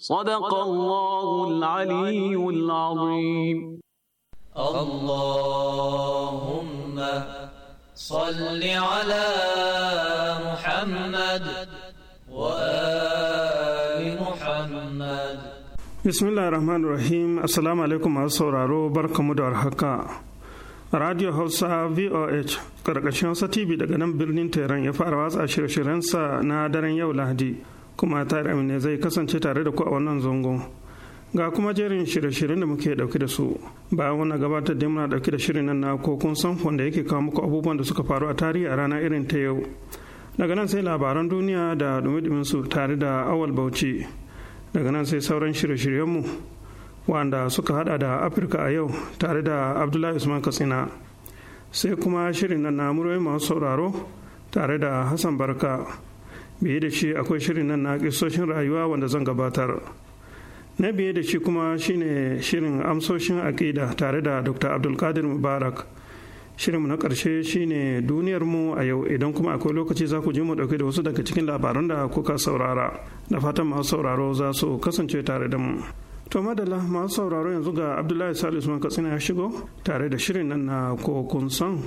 صدق الله العلي العظيم اللهم صل على محمد وآل محمد بسم الله الرحمن الرحيم السلام عليكم sauraro barkamu da warhaka Radio Hausa VOH karkashin Hausa TV daga nan birnin Tehran ya fara watsa shirye-shiryensa na daren yau Lahadi. kuma tare ne zai kasance tare da ku a wannan zangon ga kuma jerin shirye-shiryen da muke dauke da su bayan wannan gabatar da muna dauke da shirin nan na ko kun san wanda yake kawo muku abubuwan da suka faru a tarihi a rana irin ta yau daga nan sai labaran duniya da dumi su tare da awal bauchi daga nan sai sauran shirye-shiryenmu wanda suka hada da afirka a yau tare da abdullahi usman katsina sai kuma shirin nan na masu sauraro tare da hassan barka biye da shi akwai shirin nan na kisoshin rayuwa wanda zan gabatar na biye da shi kuma shine shirin amsoshin aƙida tare da dr abdulkadir mubarak shirinmu na karshe shine duniyar mu a yau idan kuma akwai lokaci za ku je mu dauke da wasu daga cikin labaran da kuka saurara da fatan masu sauraro za su kasance tare da mu to madalla masu sauraro yanzu ga abdullahi salisu man katsina ya shigo tare da shirin nan na kokun san.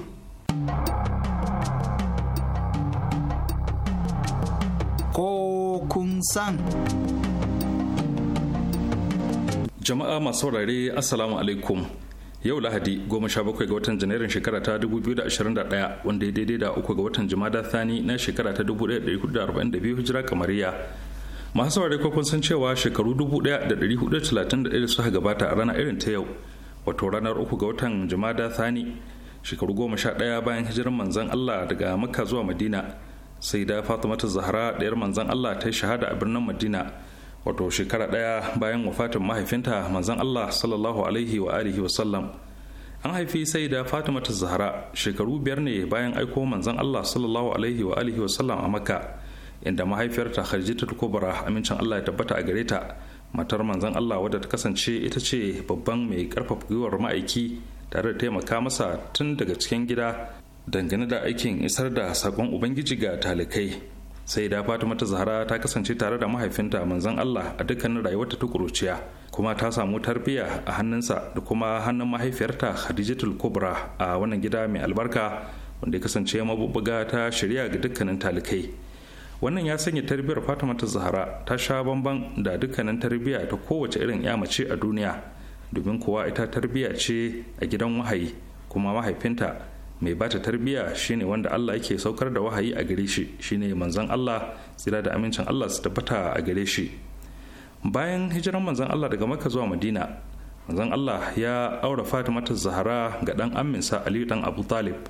kun san. Jama'a masu saurare Assalamu alaikum. Yau Lahadi 17 ga watan Janairun shekara ta 2021 wanda ya daidai da uku ga watan Jumada Thani na shekara ta 1442 Hijira kamariya. Masu saurare ko kun san cewa shekaru 1431 suka gabata a ranar irin ta yau. Wato ranar uku ga watan Jumada Thani shekaru 11 bayan hijirar manzan Allah daga Makka zuwa Madina. sai da fatimatu zahra ɗayar manzan allah ta yi shahada a birnin madina wato shekara ɗaya bayan wafatin mahaifinta manzan allah sallallahu alaihi wa alihi wa sallam an haifi sai da fatimatu zahra shekaru biyar ne bayan aiko manzan allah sallallahu alaihi wa alihi wa sallam a makka inda mahaifiyarta ta kubra amincin allah ya tabbata a gare ta matar manzan allah wadda ta kasance ita ce babban mai karfafa gwiwar ma'aiki tare da taimaka masa tun daga cikin gida dangane da aikin isar da sakon ubangiji ga talikai sai da fatima ta zahara ta kasance tare da mahaifinta manzon allah a dukkanin rayuwarta ta kuruciya kuma ta samu tarbiyya a hannunsa da kuma hannun mahaifiyarta khadijatul kubra a wannan gida mai albarka wanda ya kasance mabubbuga ta shirya ga dukkanin talikai wannan ya sanya tarbiyyar fatima ta zahara ta sha bamban da dukkanin tarbiyya ta kowace irin ya mace a duniya domin kuwa ita tarbiyya ce a gidan wahayi kuma mahaifinta mai bata tarbiyya shine wanda Allah yake saukar da wahayi a gare shi shine manzon Allah tsira da amincin Allah su tabbata a gare shi bayan hijiran manzon Allah daga Makka zuwa Madina manzon Allah ya aura Fatima ta Zahra ga dan amminsa Aliyu dan Abu Talib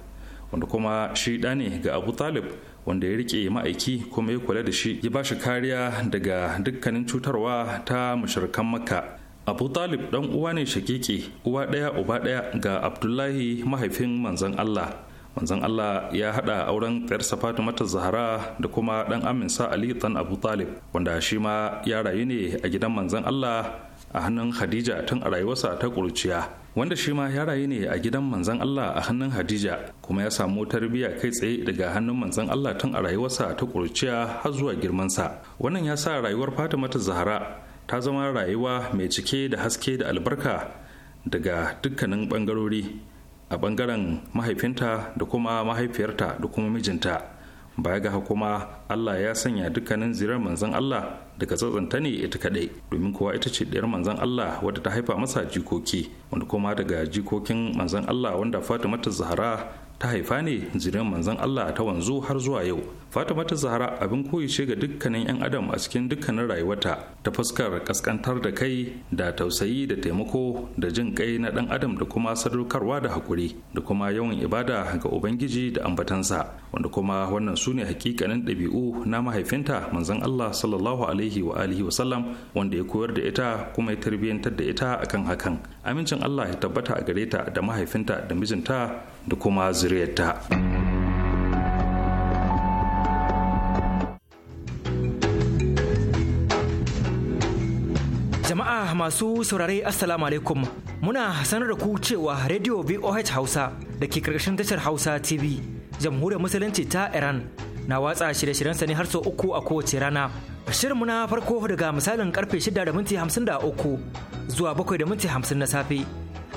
wanda kuma shi da ne ga Abu Talib wanda ya rike ma'aiki kuma ya kula da shi ya ba shi kariya daga dukkanin cutarwa ta mushrikan Makka abu talib dan uwa ne shakiki uwa ɗaya uba ɗaya ga abdullahi mahaifin manzan allah Manzan allah ya haɗa auren tsayarsa mata zahara da kuma ɗan aminsa ali ɗan abu talib wanda shi ma ya rayu ne a gidan manzan allah a hannun hadija tun a rayuwarsa ta ƙuruciya wanda shi ma ya rayu ne a gidan manzan allah a hannun hadija kuma ya samu tarbiyya kai tsaye daga hannun manzan allah tun a rayuwarsa ta ƙuruciya har zuwa girmansa wannan ya sa rayuwar ta Zahra. ta zama rayuwa mai cike da haske da albarka daga dukkanin bangarori a bangaren mahaifinta da kuma mahaifiyarta da kuma mijinta baya ga kuma Allah ya sanya dukkanin zirar manzon Allah daga tsatsanta ne ita kadai domin kuwa ita ce ɗayar manzon Allah wadda ta haifa masa jikoki wanda kuma daga jikokin manzon Allah wanda Fatima ta Zahra ta haifa ne jiran manzon Allah ta wanzu har zuwa yau Fatima ta Zahra abin koyi ce ga dukkanin 'yan adam a cikin dukkanin rayuwata ta fuskar kaskantar da kai da tausayi da taimako da jin kai na dan adam da kuma sadaukarwa da hakuri da kuma yawan ibada ga ubangiji da ambatansa wanda kuma wannan su ne hakikanin ɗabi'u na mahaifinta manzon Allah sallallahu alaihi wa alihi wasallam wanda ya koyar da ita kuma ya tarbiyyantar da ita akan hakan amincin Allah ya tabbata a gare ta da mahaifinta da mijinta da kuma zuriyarta. Jama'a masu saurare Assalamu alaikum muna sanar da ku cewa Radio VOH Hausa da ke karkashin tashar Hausa TV jamhuriyar musulunci ta Iran na watsa shirye-shiryensa ne har sau uku a kowace rana. shirin muna farko daga misalin karfe 6 da minti 53 zuwa 7 da minti 50 na safe.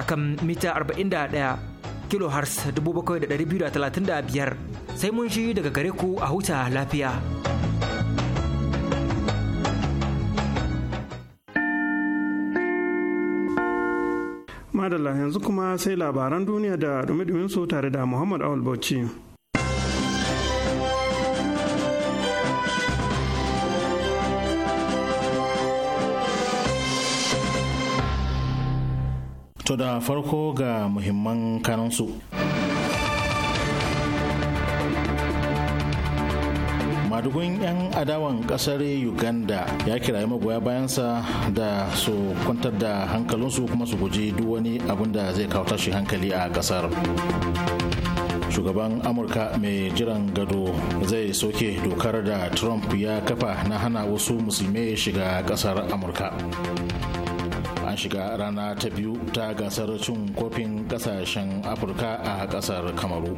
akan mita 41 kilohertz 7,235 sai mun shi daga gare ku a huta lafiya. Madalla yanzu kuma sai labaran duniya da dumi su tare da Muhammad Awul Bauchi. To da farko ga muhimman kanansu. madugun 'yan adawan kasar uganda ya kirayi magoya bayansa da su kwantar da hankalinsu kuma su guji duk wani abin da zai kawo tashi hankali a kasar shugaban amurka mai jiran gado zai soke dokar da trump ya kafa na hana wasu musulmai shiga kasar amurka shiga rana ta biyu ta gasar cin kofin kasashen afirka a kasar kamaru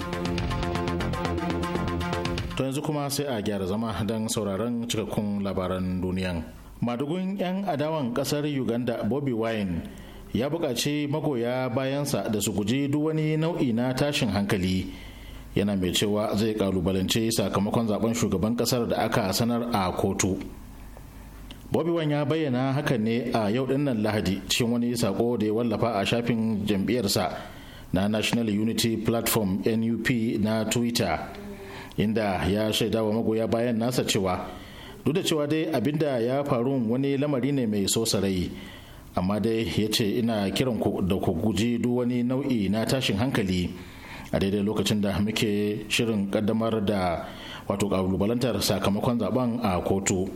to yanzu kuma sai a gyara zama don sauraron cikakkun labaran duniyan madugun 'yan adawan kasar uganda bobby wine ya buƙaci magoya bayansa da su guji duk wani nau'i na tashin hankali yana mai cewa zai kalubalance sakamakon zaben shugaban kasar da aka sanar a kotu. Bobi Wine ya bayyana hakan ne a yau dinnan Lahadi cikin wani sako da ya wallafa a shafin jam'iyyarsa na National Unity Platform NUP na Twitter inda ya shaidawa magoya bayan nasa cewa duk da cewa dai abinda ya faru wani lamari ne mai so sarai amma dai ya ce ina kiran da ku guji duk wani nau'i na tashin hankali a daidai lokacin da muke shirin kaddamar da wato kalubalantar sakamakon zaben a kotu.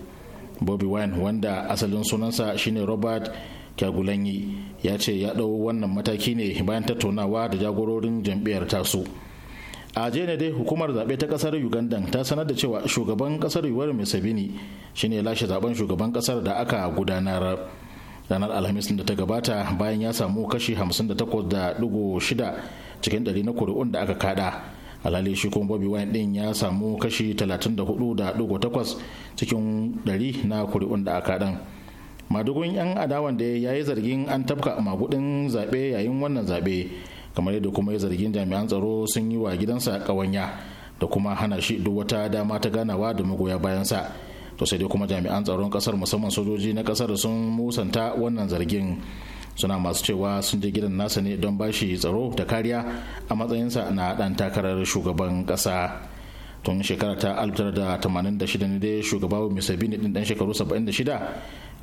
bobby wine wanda asalin sunansa shine robert kyagulanyi ya ce ya ɗau wannan mataki ne bayan tattaunawa da jagororin jam'iyyar tasu a jene dai hukumar zaɓe ta ƙasar uganda ta sanar da cewa shugaban ƙasar yuwar musabini shine lashe zaben shugaban ƙasar da aka gudanar ranar alhamis da ta gabata bayan ya samu kashi 58.6 cikin ɗari na kuri'un da aka kada alhali shi kuma bobi wine din ya samu kashi 34.8 cikin 100 na kuri'un da aka dan madugun yan adawan da ya yi zargin an tafka magudin zaɓe yayin wannan zaɓe kamar yadda kuma ya zargin jami'an tsaro sun yi wa gidansa kawanya da kuma hana shi duk wata dama ta ganawa da magoya bayansa to sai dai kuma jami'an tsaron kasar musamman sojoji na kasar sun musanta wannan zargin suna masu cewa sun je gidan nasa ne don bashi tsaro da kariya a matsayinsa na dan takarar shugaban kasa tun shekara ta 1986 ne dai shugaba museveni din dan shekaru 76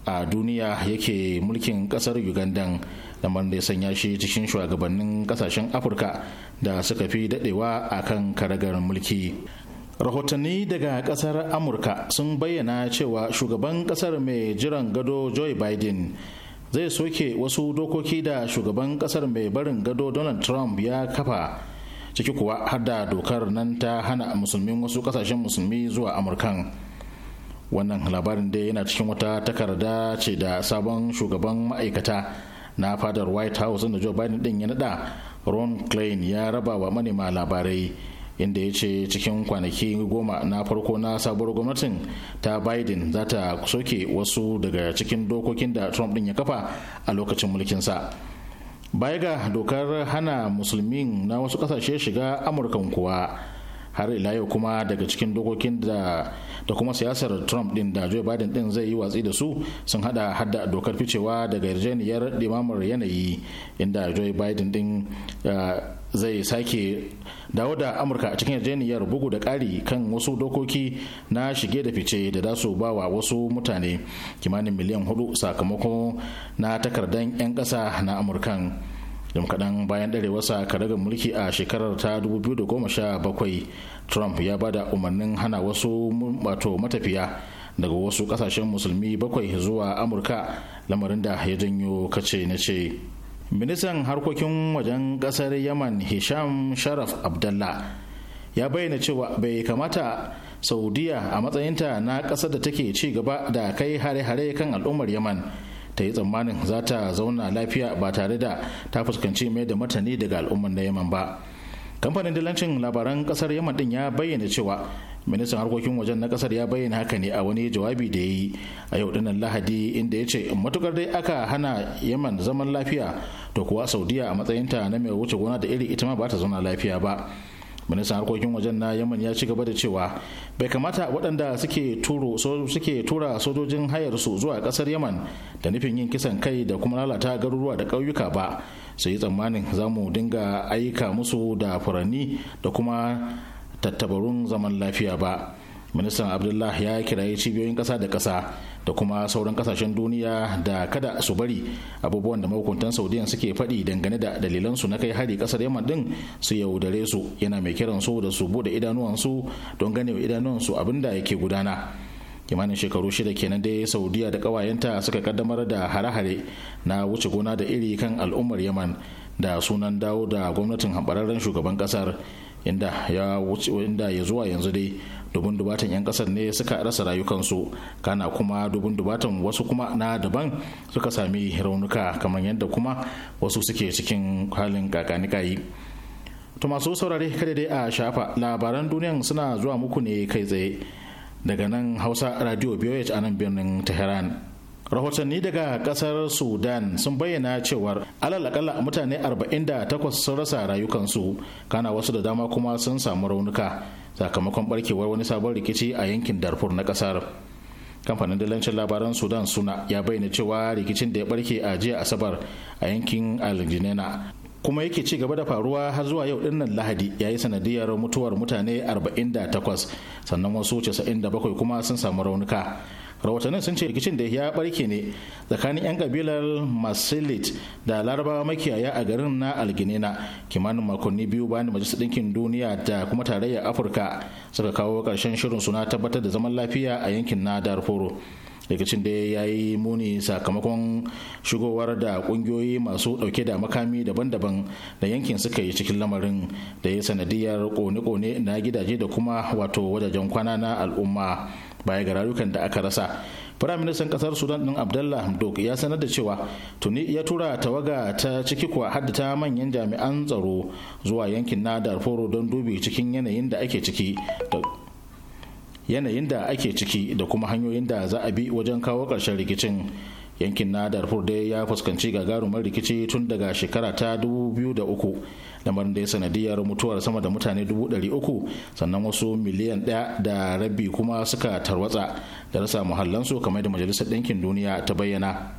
a duniya yake mulkin kasar ugandan da da ya sanya shi cikin shugabannin kasashen afirka da suka fi dadewa a kan karagar mulki rahotanni daga kasar amurka sun bayyana cewa shugaban kasar mai jiran gado joe biden zai soke wasu dokoki da shugaban kasar mai barin gado donald trump ya kafa ciki kuwa har da dokar nan ta hana musulmin wasu kasashen musulmi zuwa amurkan wannan labarin dai yana cikin wata takarda ce da sabon shugaban ma'aikata na fadar white house da joe biden din ya nada ron klein ya raba wa manema labarai inda ya ce cikin kwanaki goma na farko na sabuwar gwamnatin ta biden za ta soke wasu daga cikin dokokin da trump din ya kafa a lokacin mulkinsa baya ga dokar hana musulmin na wasu kasashe shiga amurkan kuwa har ila yau kuma daga cikin dokokin da da kuma siyasar trump din da joe biden din zai yi watsi da su sun hada hada dokar ficewa daga yarjejeniyar limamar yanayi inda joe biden din zai sake dawo da amurka a cikin yarjejeniyar bugu da ƙari kan wasu dokoki na shige da fice da za su ba wa wasu mutane kimanin miliyan hudu sakamakon na takardar 'yan ƙasa na amurkan jim kaɗan bayan wasa karagar mulki a shekarar ta 2017 trump ya bada umarnin hana wasu wato matafiya daga wasu ƙasashen musulmi bakwai zuwa amurka lamarin da ya janyo kace na ce ministan harkokin wajen ƙasar yaman hisham sharaf abdallah ya bayyana cewa bai kamata saudiya a matsayinta na ƙasar da take ci gaba da kai hare-hare kan al'ummar yaman ta yi tsammanin za ta zauna lafiya ba tare da ta fuskanci mai da martani daga al'umman na yaman ba kamfanin dillancin labaran kasar yaman din ya bayyana cewa ministan harkokin wajen na kasar ya bayyana haka ne a wani jawabi da ya yi a yau dinnan lahadi inda ya ce matukar dai aka hana yaman zaman lafiya to kuwa saudiya a matsayinta na mai wuce gona da iri ita ma ba ta zauna lafiya ba ministan harkokin wajen na yaman ya ci gaba da cewa bai kamata waɗanda suke tura sojojin hayarsu zuwa ƙasar yaman da nufin yin kisan kai da kuma lalata garuruwa da ƙauyuka ba su yi tsammanin za mu dinga aika musu da furanni da kuma tattabarun zaman lafiya ba ministan abdullah ya kirayi cibiyoyin ƙasa da ƙasa da kuma sauran kasashen duniya da kada su bari abubuwan da mahukuntan saudiyan suke faɗi dangane da dalilansu na kai hari kasar yaman din su yaudare su yana mai kiran su da su bude idanuwansu don ganewa idanuwansu abin da yake gudana kimanin shekaru shida kenan dai saudiya da kawayenta suka kaddamar da hare-hare na wuce gona da iri kan al'ummar yaman da sunan dawo da gwamnatin haɓararren shugaban kasar. inda ya wuce inda ya zuwa yanzu dai dubun dubatan 'yan kasar ne suka rasa rayukansu kana kuma dubun dubatan wasu kuma na daban suka sami raunuka kamar yadda kuma wasu suke cikin halin kakanikayi to masu saurare kada dai a shafa labaran duniyan suna zuwa muku ne kai tsaye daga nan hausa radio bioh a nan birnin tehran rahotanni daga kasar sudan sun bayyana cewar alal akalla mutane 48 sun rasa rayukansu kana wasu da dama kuma sun samu raunuka sakamakon barkewar wani sabon rikici a yankin darfur na kasar kamfanin dalancin labaran sudan suna ya bayyana cewa rikicin da ya barke a jiya asabar a yankin aljinena kuma yake ci gaba da faruwa har zuwa yau dinnan lahadi ya yi sanadiyar mutuwar mutane 48 sannan wasu 97 kuma sun samu raunuka rahotannin sun ce rikicin da ya barke ne tsakanin 'yan kabilar masilit da larabawa makiyaya a garin na alginina kimanin makonni biyu bayan majalisar ɗinkin duniya da kuma tarayyar afirka suka kawo ƙarshen shirin suna tabbatar da zaman lafiya a yankin na darfuru rikicin da ya yi muni sakamakon shigowar da kungiyoyi masu dauke da makami daban-daban da yankin suka yi cikin lamarin da ya sanadiyar kone-kone na gidaje da kuma wato wajajen kwana na al'umma baya ga rayukan da aka rasa firaministan ƙasar sudan ɗin abdullah hamdok ya sanar da cewa tuni ya tura tawaga ta ciki kuwa hadda ta manyan jami'an tsaro zuwa yankin na darfur don dubi cikin yanayin da ake ciki yanayin da ake ciki da kuma hanyoyin da za a bi wajen kawo ƙarshen rikicin yankin na darfur dai ya fuskanci gagarumar rikici tun daga shekara ta 2003 lamarin da ya sanadiyar mutuwar sama da mutane 300 sannan wasu miliyan ɗaya da rabi kuma suka tarwatsa da rasa muhallansu kamar da majalisar ɗinkin duniya ta bayyana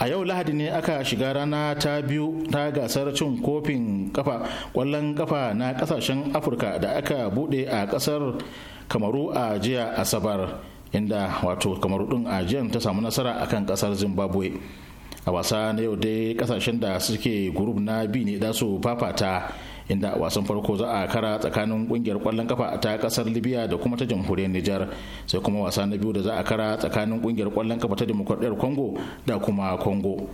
a yau lahadi ne aka shiga rana ta biyu ta gasar cin kofin kafa kwallon kafa na kasashen afirka da aka bude a kasar kamaru a jiya asabar inda wato kamaru din ajiyar ta samu nasara akan kasar zimbabwe a wasa na yau dai kasashen da suke gurup na bi ne za su fafata inda wasan farko za a kara tsakanin kungiyar kwallon kafa ta kasar libya da kuma ta jamhuriyar nijar sai kuma wasa na biyu da za a kara tsakanin kungiyar kwallon kafa ta demokradiyyar congo da kuma congo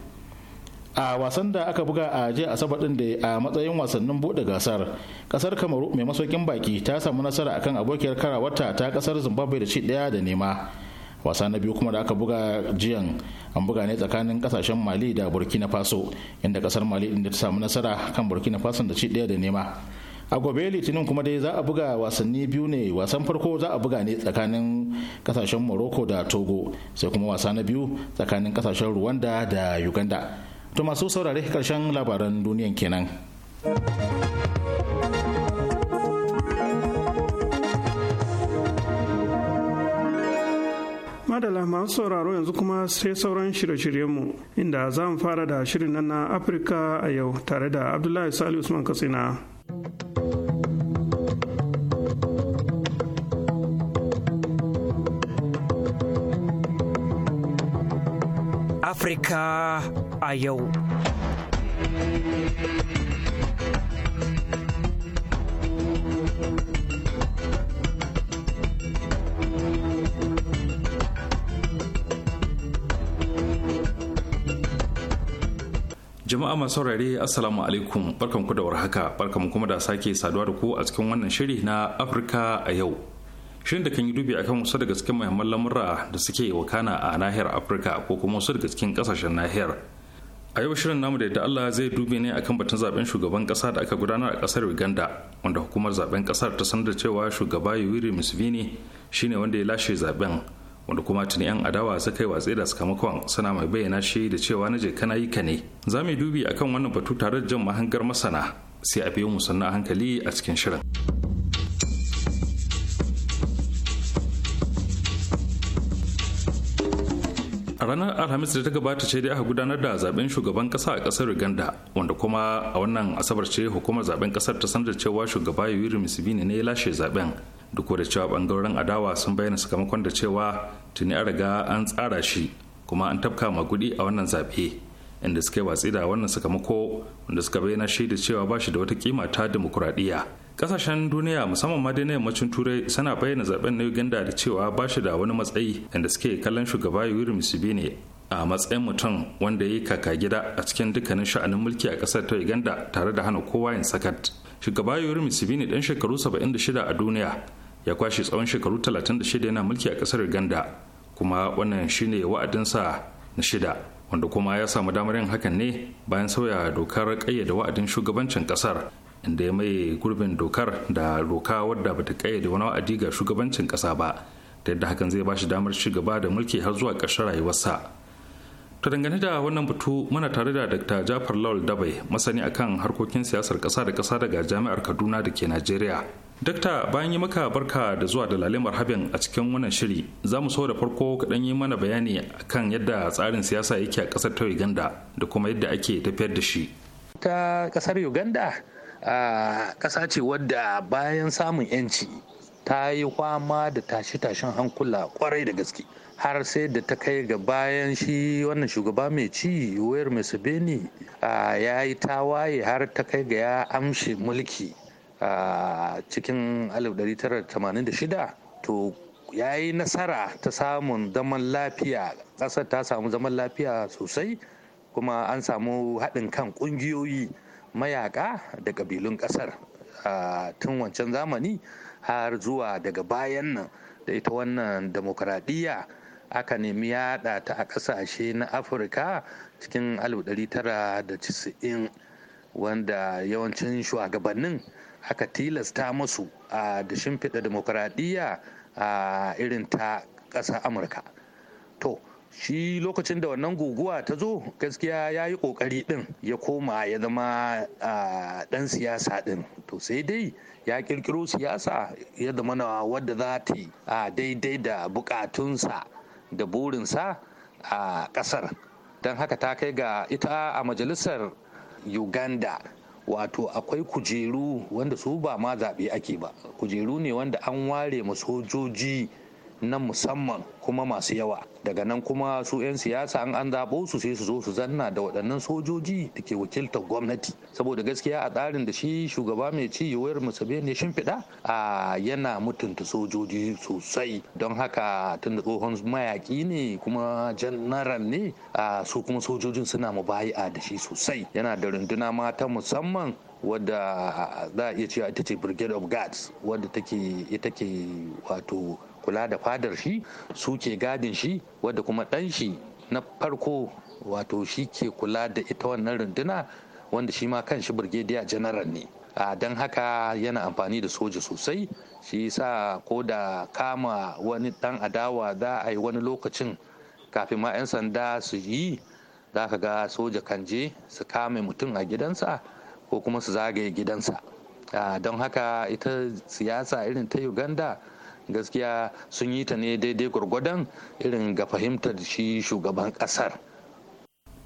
a wasan da aka buga a jiya asabar din da a matsayin wasannin bude gasar kasar kamaru mai masaukin baki ta samu nasara akan abokiyar karawarta ta kasar zimbabwe da ci daya da nema wasa na biyu kuma da aka buga jiyan an buga ne tsakanin kasashen mali da burkina faso inda kasar mali din da ta samu nasara kan burkina faso da ci daya da nema a gobe litinin kuma dai za a buga wasanni biyu ne wasan farko za a buga ne tsakanin kasashen morocco da togo sai kuma wasa na biyu tsakanin kasashen rwanda da uganda to masu saurare karshen labaran duniyan kenan madala masu sauraro yanzu kuma sai sauran shirye-shiryenmu inda za mu fara da shirin nan na afirka a yau tare da abdullahi sali usman katsina Afrika a yau. Jama'a masu saurare Assalamu alaikum barkanku da warhaka barkanku kuma da sake saduwa da ku a cikin wannan shiri na Afirka a yau. shirin da kan yi dubi akan wasu daga cikin muhimman lamura da suke wakana a nahiyar afirka ko kuma wasu daga cikin kasashen nahiyar a yau shirin namu da Allah zai dubi ne akan batun zaben shugaban kasa da aka gudanar a kasar Uganda wanda hukumar zaben kasar ta sanar da cewa shugaba Yoweri Museveni shine wanda ya lashe zaben wanda kuma tuni yan adawa su kai watsi da sakamakon suna mai bayyana shi da cewa na je kana yi ka ne za mu dubi akan wannan batu tare da jan mahangar masana sai a biyo mu sannan hankali a cikin shirin. a ranar alhamis da ta gabata ce dai aka gudanar da zaben shugaban kasa a kasar uganda wanda kuma a wannan asabar ce hukumar zaben kasar ta sanar cewa shugaba yoweri museveni ne ya lashe zaben duk da cewa bangaren adawa sun bayyana sakamakon da cewa tuni an riga an tsara shi kuma an tafka magudi a wannan zaɓe inda suka yi watsi da wannan sakamako wanda suka bayyana shi da cewa ba shi da wata kima ta dimokuraɗiyya kasashen duniya musamman ma dai na yammacin turai suna bayyana zaben na uganda da cewa ba shi da wani matsayi inda suke kallon shugaba yuri museveni a matsayin mutum wanda ya yi kaka gida a cikin dukkanin sha'anin mulki a kasar ta uganda tare da hana kowa yin sakat shugaba yuri museveni dan shekaru 76 a duniya ya kwashe tsawon shekaru talatin da 36 yana mulki a kasar uganda kuma wannan shine wa'adinsa na shida wanda kuma ya samu damar yin hakan ne bayan sauya dokar kayyade wa'adin shugabancin ƙasar. inda ya mai gurbin dokar da roka wadda bata kayyade wani wa'adi ga shugabancin kasa ba ta yadda hakan zai bashi damar ci gaba da mulki har zuwa ƙarshen rayuwarsa ta dangane da wannan batu muna tare da dr jafar lawal dabai masani akan harkokin siyasar kasa da kasa daga jami'ar kaduna da ke najeriya dakta bayan yi maka barka da zuwa da lalimar habin a cikin wannan shiri za mu so da farko kaɗan yi mana bayani akan yadda tsarin siyasa yake a ƙasar ta uganda da kuma yadda ake tafiyar da shi ta ƙasar uganda ƙasa ce wadda bayan samun 'yanci ta yi kwama da tashe-tashen hankula kwarai da gaske har sai da ta kai ga bayan shi wannan shugaba mai ci wayar museveni ya yi tawaye har ta kai ga ya amshe mulki a cikin 1986 to ya yi nasara ta samun zaman lafiya ƙasar ta samu zaman lafiya sosai kuma an samu haɗin kan ƙungiyoyi Mayaƙa da ƙabilun ƙasar tun wancan zamani har zuwa daga bayan nan da ita wannan demokuraɗiyya aka nemi yaɗa ta a ƙasashe na afirka cikin tara da 1990 wanda yawancin shugabannin aka tilasta musu a da shimfiɗa demokuraɗiyya a irin ta ƙasar amurka to shi lokacin da wannan guguwa ta zo gaskiya ya yi ƙoƙari ɗin ya koma ya zama ɗan siyasa ɗin to sai dai ya ƙirƙiro siyasa ya zama na wadda za ta yi daidai da buƙatunsa da burinsa a ƙasar don haka ta kai ga ita a majalisar uganda wato akwai kujeru wanda su ba ma zaɓe ake ba kujeru ne wanda an ware ma sojoji na musamman kuma masu yawa daga nan kuma su 'yan siyasa an an zaɓo su sai su zo su zanna da waɗannan sojoji da ke wakiltar gwamnati saboda gaskiya a tsarin da shi shugaba mai ci yawar musabeni ya shimfiɗa a yana mutunta sojoji sosai don haka tun da tsohon mayaƙi ne kuma janaral ne a su kuma sojojin suna mubayi'a da shi sosai yana da runduna mata musamman wadda za a iya cewa ita ce brigade of guards wadda take wato kula da fadar shi su ke gadin shi wadda kuma ɗan shi na farko wato shi ke kula da ita wannan runduna wanda shi ma kan shi birgediya janaral ne a don haka yana amfani da soja sosai shi sa ko da kama wani dan adawa za a yi wani lokacin kafin ma 'yan sanda su yi za ka ga soja kan je su kame mutum a gidansa ko kuma su zagaye gidansa don haka ita siyasa irin ta uganda gaskiya sun yi ta ne daidai gwargwadon irin ga fahimtar shi shugaban kasar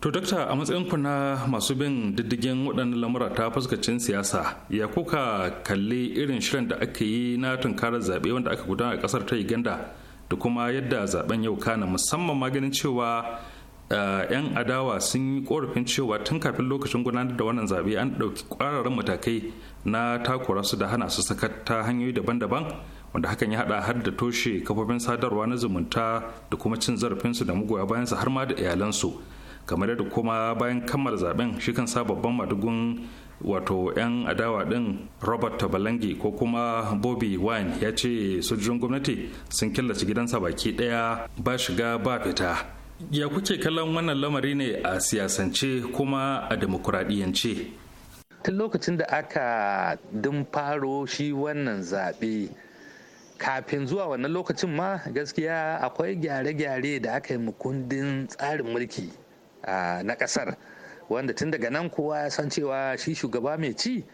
to dakta a matsayin ku na masu bin diddigin waɗannan lamura ta fuskacin siyasa ya kuka kalli irin shirin da aka yi na tunkarar zaɓe wanda aka gudana a ƙasar ta uganda da kuma yadda zaben yau kana musamman maganin cewa eh, 'yan adawa sun yi korafin cewa tun kafin lokacin gudanar da wannan zaɓe an ɗauki ƙwararren matakai na takura su da hana su sakat ta hanyoyi daban-daban wanda hakan ya hada har da toshe kafofin sadarwa na zumunta da kuma cin zarafinsu da muguwa bayansu har ma da iyalansu kamar yadda kuma bayan kammala zaben shi kan sa babban madugun wato 'yan adawa din robert tabalangi ko kuma bobby wine ya ce sojojin gwamnati sun killace gidansa baki daya ba shiga ba fita ya kuke kallon wannan lamari ne a siyasance kuma a demokuraɗiyance tun lokacin da aka dun faro shi wannan zaɓe kafin zuwa wannan lokacin ma gaskiya akwai gyare-gyare da aka yi kundin tsarin mulki na ƙasar wanda tun daga nan kowa ya san cewa shi shugaba mai ci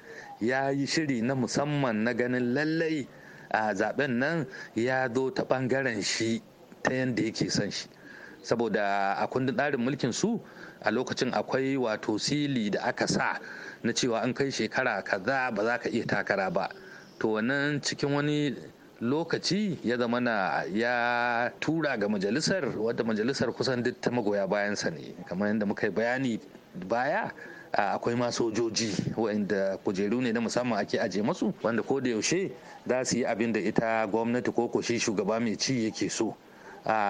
ya yi shiri na musamman na ganin lallai a zaben nan ya zo ta ɓangaren shi ta yadda yake son shi saboda a kundin tsarin mulkin su a lokacin akwai wato sili da aka sa na cewa an kai shekara kaza ba za ka iya takara ba to wannan cikin wani lokaci ya zama ya tura ga majalisar wadda majalisar kusan duk ta magoya bayansa ne kamar yadda muka yi bayani baya akwai ma sojoji waɗanda kujeru ne na musamman ake aje masu wanda ko da yaushe za su yi abin da ita gwamnati ko koshi shugaba mai ci yake so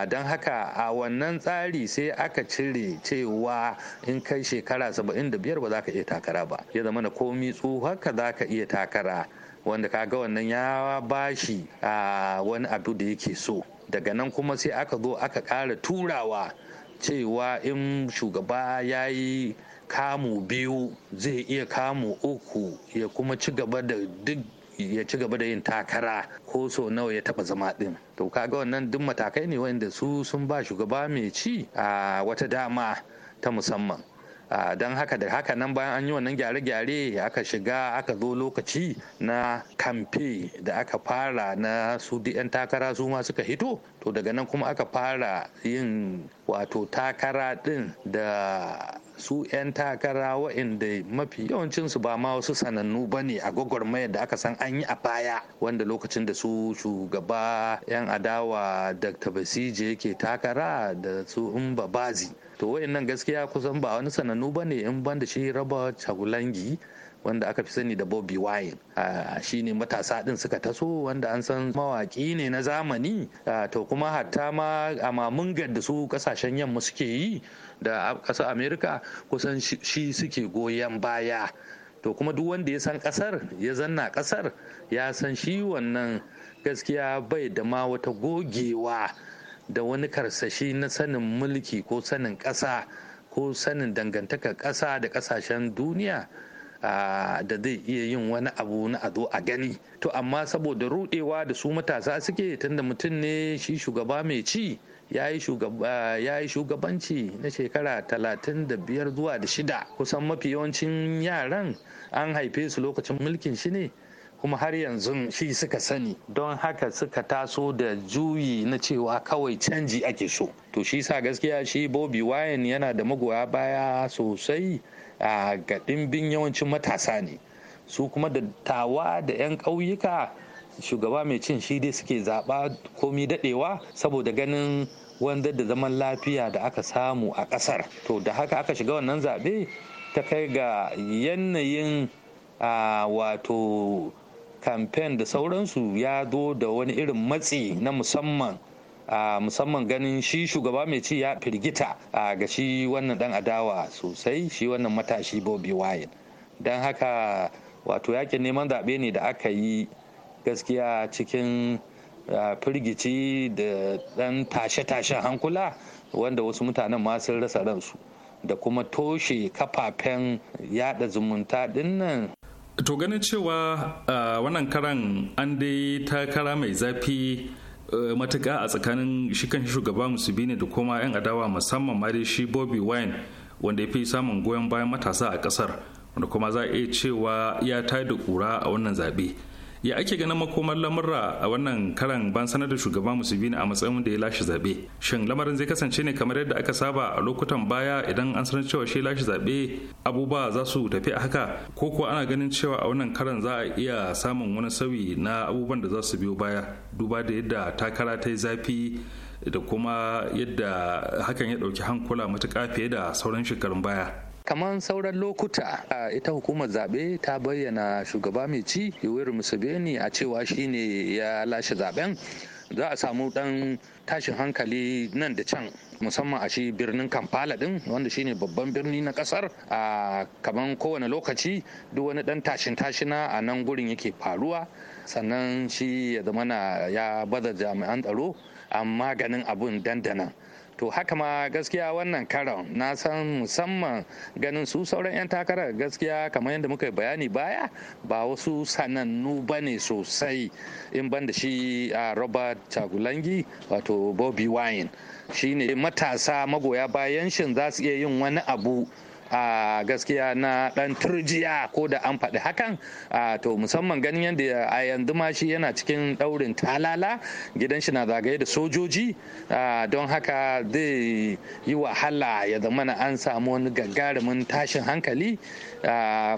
don haka a wannan tsari sai aka cire cewa in kai shekara saba'in 75 ba za ka iya takara ba ya zama na komi ka za ka iya takara wanda kaga wannan ya bashi a wani abu da yake so daga nan kuma sai aka zo aka ƙara turawa cewa in shugaba ya yi kamu biyu zai iya kamu uku ya kuma ci gaba da duk ya ci gaba da yin takara ko so nawa ya taba zama din to kaga wannan duk matakai ne wanda su sun ba shugaba mai ci a wata dama ta musamman Ah, don haka da haka nan bayan an yi wannan gyare-gyare aka shiga aka zo lokaci na kamfe da aka fara na su 'yan takara su ma suka hito to daga nan kuma aka fara yin wato takara din da su 'yan takara wa'inda mafi yawancinsu ba ma wasu sanannu ba ne a gwagwarmayar da aka san an yi a baya wanda lokacin da su shugaba 'yan adawa dr basije yake takara da su umba bazi to wayannan gaskiya kusan ba wani sanannu ba ne in ban da shi raba chagulangi wanda aka fi sani da Bobby Wine shi ne matasa ɗin suka taso wanda an san mawaƙi ne na zamani to kuma hatta ma a mamun da su ƙasashen yamma suke yi da ƙasar Amerika kusan shi suke goyon baya to kuma duk wanda ya san kasar ya zanna ƙasar ya san shi wannan gaskiya bai da ma wata gogewa da wani karsashi na sanin mulki ko sanin ƙasa ko sanin dangantakar ƙasa da ƙasashen duniya da zai iya yin wani abu na azo a gani to amma saboda rudewa da su matasa suke tunda mutum ne shi shugaba mai ci ya yi shugabanci na shekara talatin da biyar zuwa da shida kusan mafi yawancin yaran an haife su lokacin mulkin shi ne kuma har yanzu shi suka sani don haka suka taso da juyi na cewa kawai canji ake so to shi sa gaskiya shi bobi wayan yana da magoya baya sosai a ga ɗimbin yawancin matasa ne su kuma da tawa da 'yan ƙauyuka shugaba mai cin shi dai suke zaɓa komi daɗewa saboda ganin wanda da zaman lafiya da aka samu a ƙasar to da haka aka shiga wannan zaɓe ta kai ga yanayin wato kamfen da sauransu ya zo da wani irin matsi na musamman a musamman ganin shi shugaba mai ci ya firgita a ga shi wannan dan adawa sosai shi wannan matashi bobi wayan don haka wato yakin neman zaɓe ne da aka yi gaskiya cikin firgici da dan tashe-tashen hankula wanda wasu mutanen ma sun rasa ransu da kuma toshe kafafen yada zumunta dinnan to ganin cewa wannan karan an dai takara mai zafi e, matuka a tsakanin shi kan shugaba musubini da kuma 'yan adawa musamman ma dai shi bobi wine wanda ya fi samun goyon bayan matasa a kasar wanda kuma za a iya cewa ya tada ƙura a wannan zaɓe ya ake ganin makomar lamurra a wannan karan ban sanar da shugaban museveni a matsayin da ya lashe zaɓe shin lamarin zai kasance ne kamar yadda aka saba a lokutan baya idan an san cewa shi lashe zaɓe abubuwa za su tafi a haka ko kuwa ana ganin cewa a wannan karan za a iya samun wani sauyi na abubuwan da za su biyo baya duba da yadda takara ta yi zafi da kuma yadda hakan ya ɗauki hankula matuƙa fiye da sauran shekarun baya kamar sauran lokuta ita hukumar zaɓe ta bayyana shugaba mai ci yoweri museveni a cewa shine ya lashe zaben za a samu ɗan tashin hankali nan da can musamman a shi birnin kampala din wanda shine babban birni na kasar a kaman kowane lokaci duk wani ɗan tashin tashina a nan gurin yake faruwa sannan shi ya zama ya baza jami'an tsaro an maganin abun dandanan to haka ma gaskiya wannan karon na san musamman ganin su sauran 'yan takarar gaskiya kamar yadda muka bayani baya ba wasu sanannu ba ne sosai in ban da shi a robert chagulangi wato bobby wine shine matasa magoya bayan shin za su iya yin wani abu a gaskiya na dan turjiya ko da an faɗi hakan to musamman ganin yadda a yanzu ma shi yana cikin ɗaurin talala gidan shi na zagaye da sojoji don haka zai yi wahala ya zama na an samu wani gagarumin tashin hankali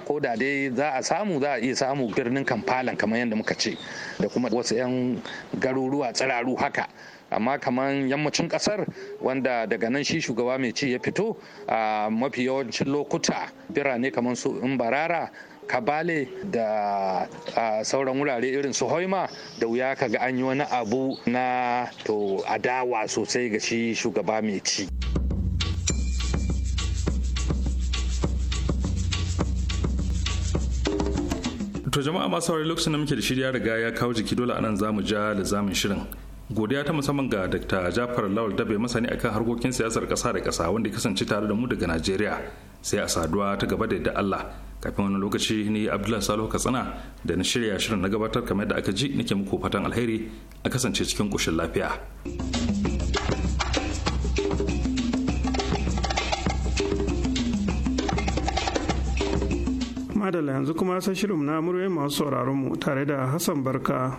ko da dai za a samu za a iya samu birnin kamfalan kamar yadda muka ce da kuma wasu 'yan garuruwa tsiraru haka amma kamar yammacin kasar wanda daga nan shi shugaba mai ci ya fito a mafi yawancin lokuta birane kamar su in imbarara kabale da sauran wurare irin su hoima da wuya ka ga an yi wani abu na to adawa sosai ga shi shugaba mai ci. to jama'a masu saurari lokacin da muke da shirya riga ya kawo jiki dole anan zamu ja da zamun shirin godiya ta musamman ga dr jafar lawal dabe masani akan harkokin siyasar kasa da kasa wanda kasance tare da mu daga najeriya sai a saduwa ta gaba da yadda allah kafin wani lokaci ni abdullahi salo katsina da na shirya shirin na gabatar kamar da aka ji nake muku fatan alheri a kasance cikin kushin lafiya madalla yanzu kuma sai shirin na muryoyin masu sauraron mu tare da hassan barka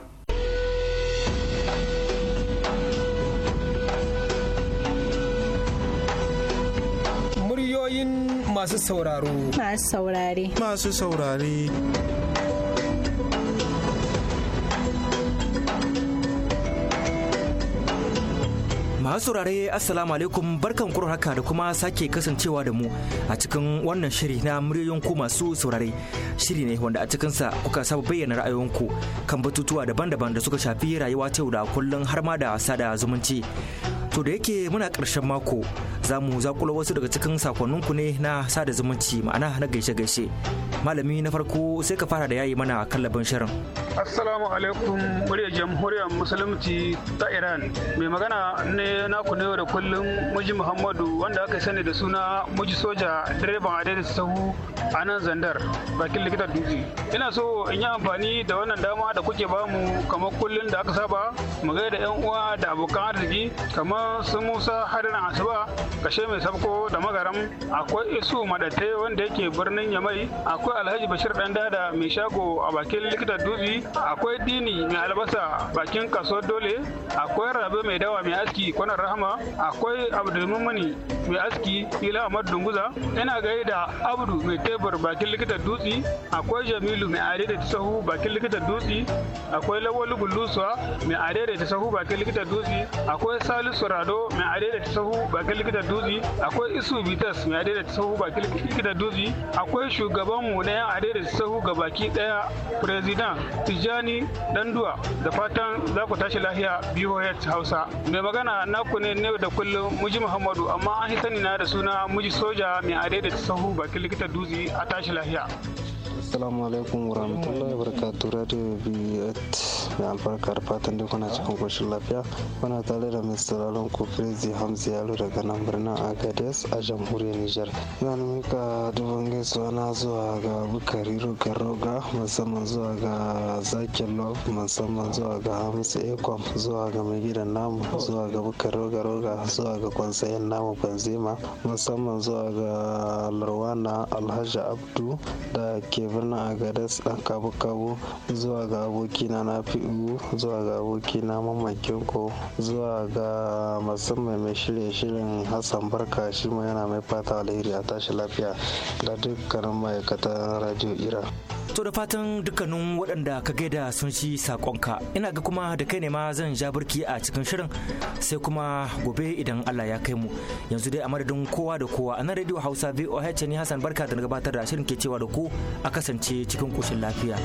masu sauraro. Masu saurare. Masu saurare. masu saurare assalamu alaikum barkan kuro haka da kuma sake kasancewa da mu a cikin wannan shiri na muryoyin ku masu saurare shiri ne wanda a cikinsa kuka saba bayyana ra'ayoyinku kan batutuwa daban-daban da suka shafi rayuwa ta yau da kullum har ma da sada zumunci To da yake muna ƙarshen mako za mu zakula wasu daga cikin sakonninku ne na sada zumunci ma'ana na gaishe-gaishe. Malami na farko sai ka fara da yayi mana kallabin shirin. Assalamu alaikum muryar jamhuriyar musulunci ta Iran. Mai magana ne na ne da kullum Muji Muhammadu wanda aka sani da suna Muji Soja direban adadin Sahu a nan Zandar bakin likitar Dutse. Ina so in yi amfani da wannan dama da kuke bamu kamar kullum da aka saba mu da 'yan uwa da abokan arziki kamar su musa harin asuba kashe mai sabko da magaram akwai isu madate wanda yake birnin yamai akwai alhaji bashir dan dada mai shago a bakin likita dutse akwai dini mai albasa bakin kaso dole akwai rabe mai dawa mai aski kwanar rahama akwai abdulmumani mai aski ila ahmad dunguza ina gaida abdu mai tebur bakin likita dutse akwai jamilu mai are da tsahu bakin likita dutse akwai lawalu gullusuwa mai are da tsahu bakin likita dutse akwai salisu rado mai ta sahu bakin likitar dutse akwai isu bitas mai ta sahu bakin likitar dutse akwai shugabanmu na yan ta sahu ga baki daya president tijjani danduwa da fatan za ku tashi lahiya biyu hausa mai magana na ku ne ne da kullum muji muhammadu amma an sani na da suna muji soja mai ta sahu bakin likitar dutse a tashi lahiya assalamu alaikum wa rahmatullahi wa barakatu radio biyat mai albarka da fatan dai kuna cikin koshin lafiya kuna tare da mai sauraron ku crazy hamza yaro daga nan birnin agades a jamhuriyar nijar zan ka dubban gaisuwa na zuwa ga bukari roga roga musamman zuwa ga zakin love musamman zuwa ga hamza ekwam zuwa ga mai gidan namu zuwa ga bukari roga roga zuwa ga kwansayen namu banzema musamman zuwa ga larwana alhaji abdu da ke birnin agadas dan kabo-kabo zuwa ga abokina na fi'u zuwa ga abokina mamakin ko zuwa ga musamman mai shirye-shirin hassan barka shi ma yana mai fata alheri a tashi lafiya da dukkanin ma'aikatan radio ira. To da fatan dukkanin waɗanda ka gaida sun shi saƙonka ina ga kuma da kai ne ma zan ja birki a cikin shirin sai kuma gobe idan Allah ya kai mu yanzu dai a madadin kowa da kowa a nan radio Hausa VOH ne Hassan barka da gabatar da shirin ke cewa da ku a kasance cikin koshin lafiya.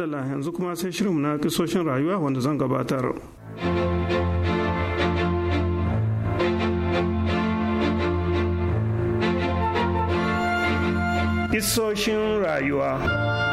adala yanzu kuma sai shirin na kisoshin rayuwa wanda zan gabatar. Kisoshin rayuwa.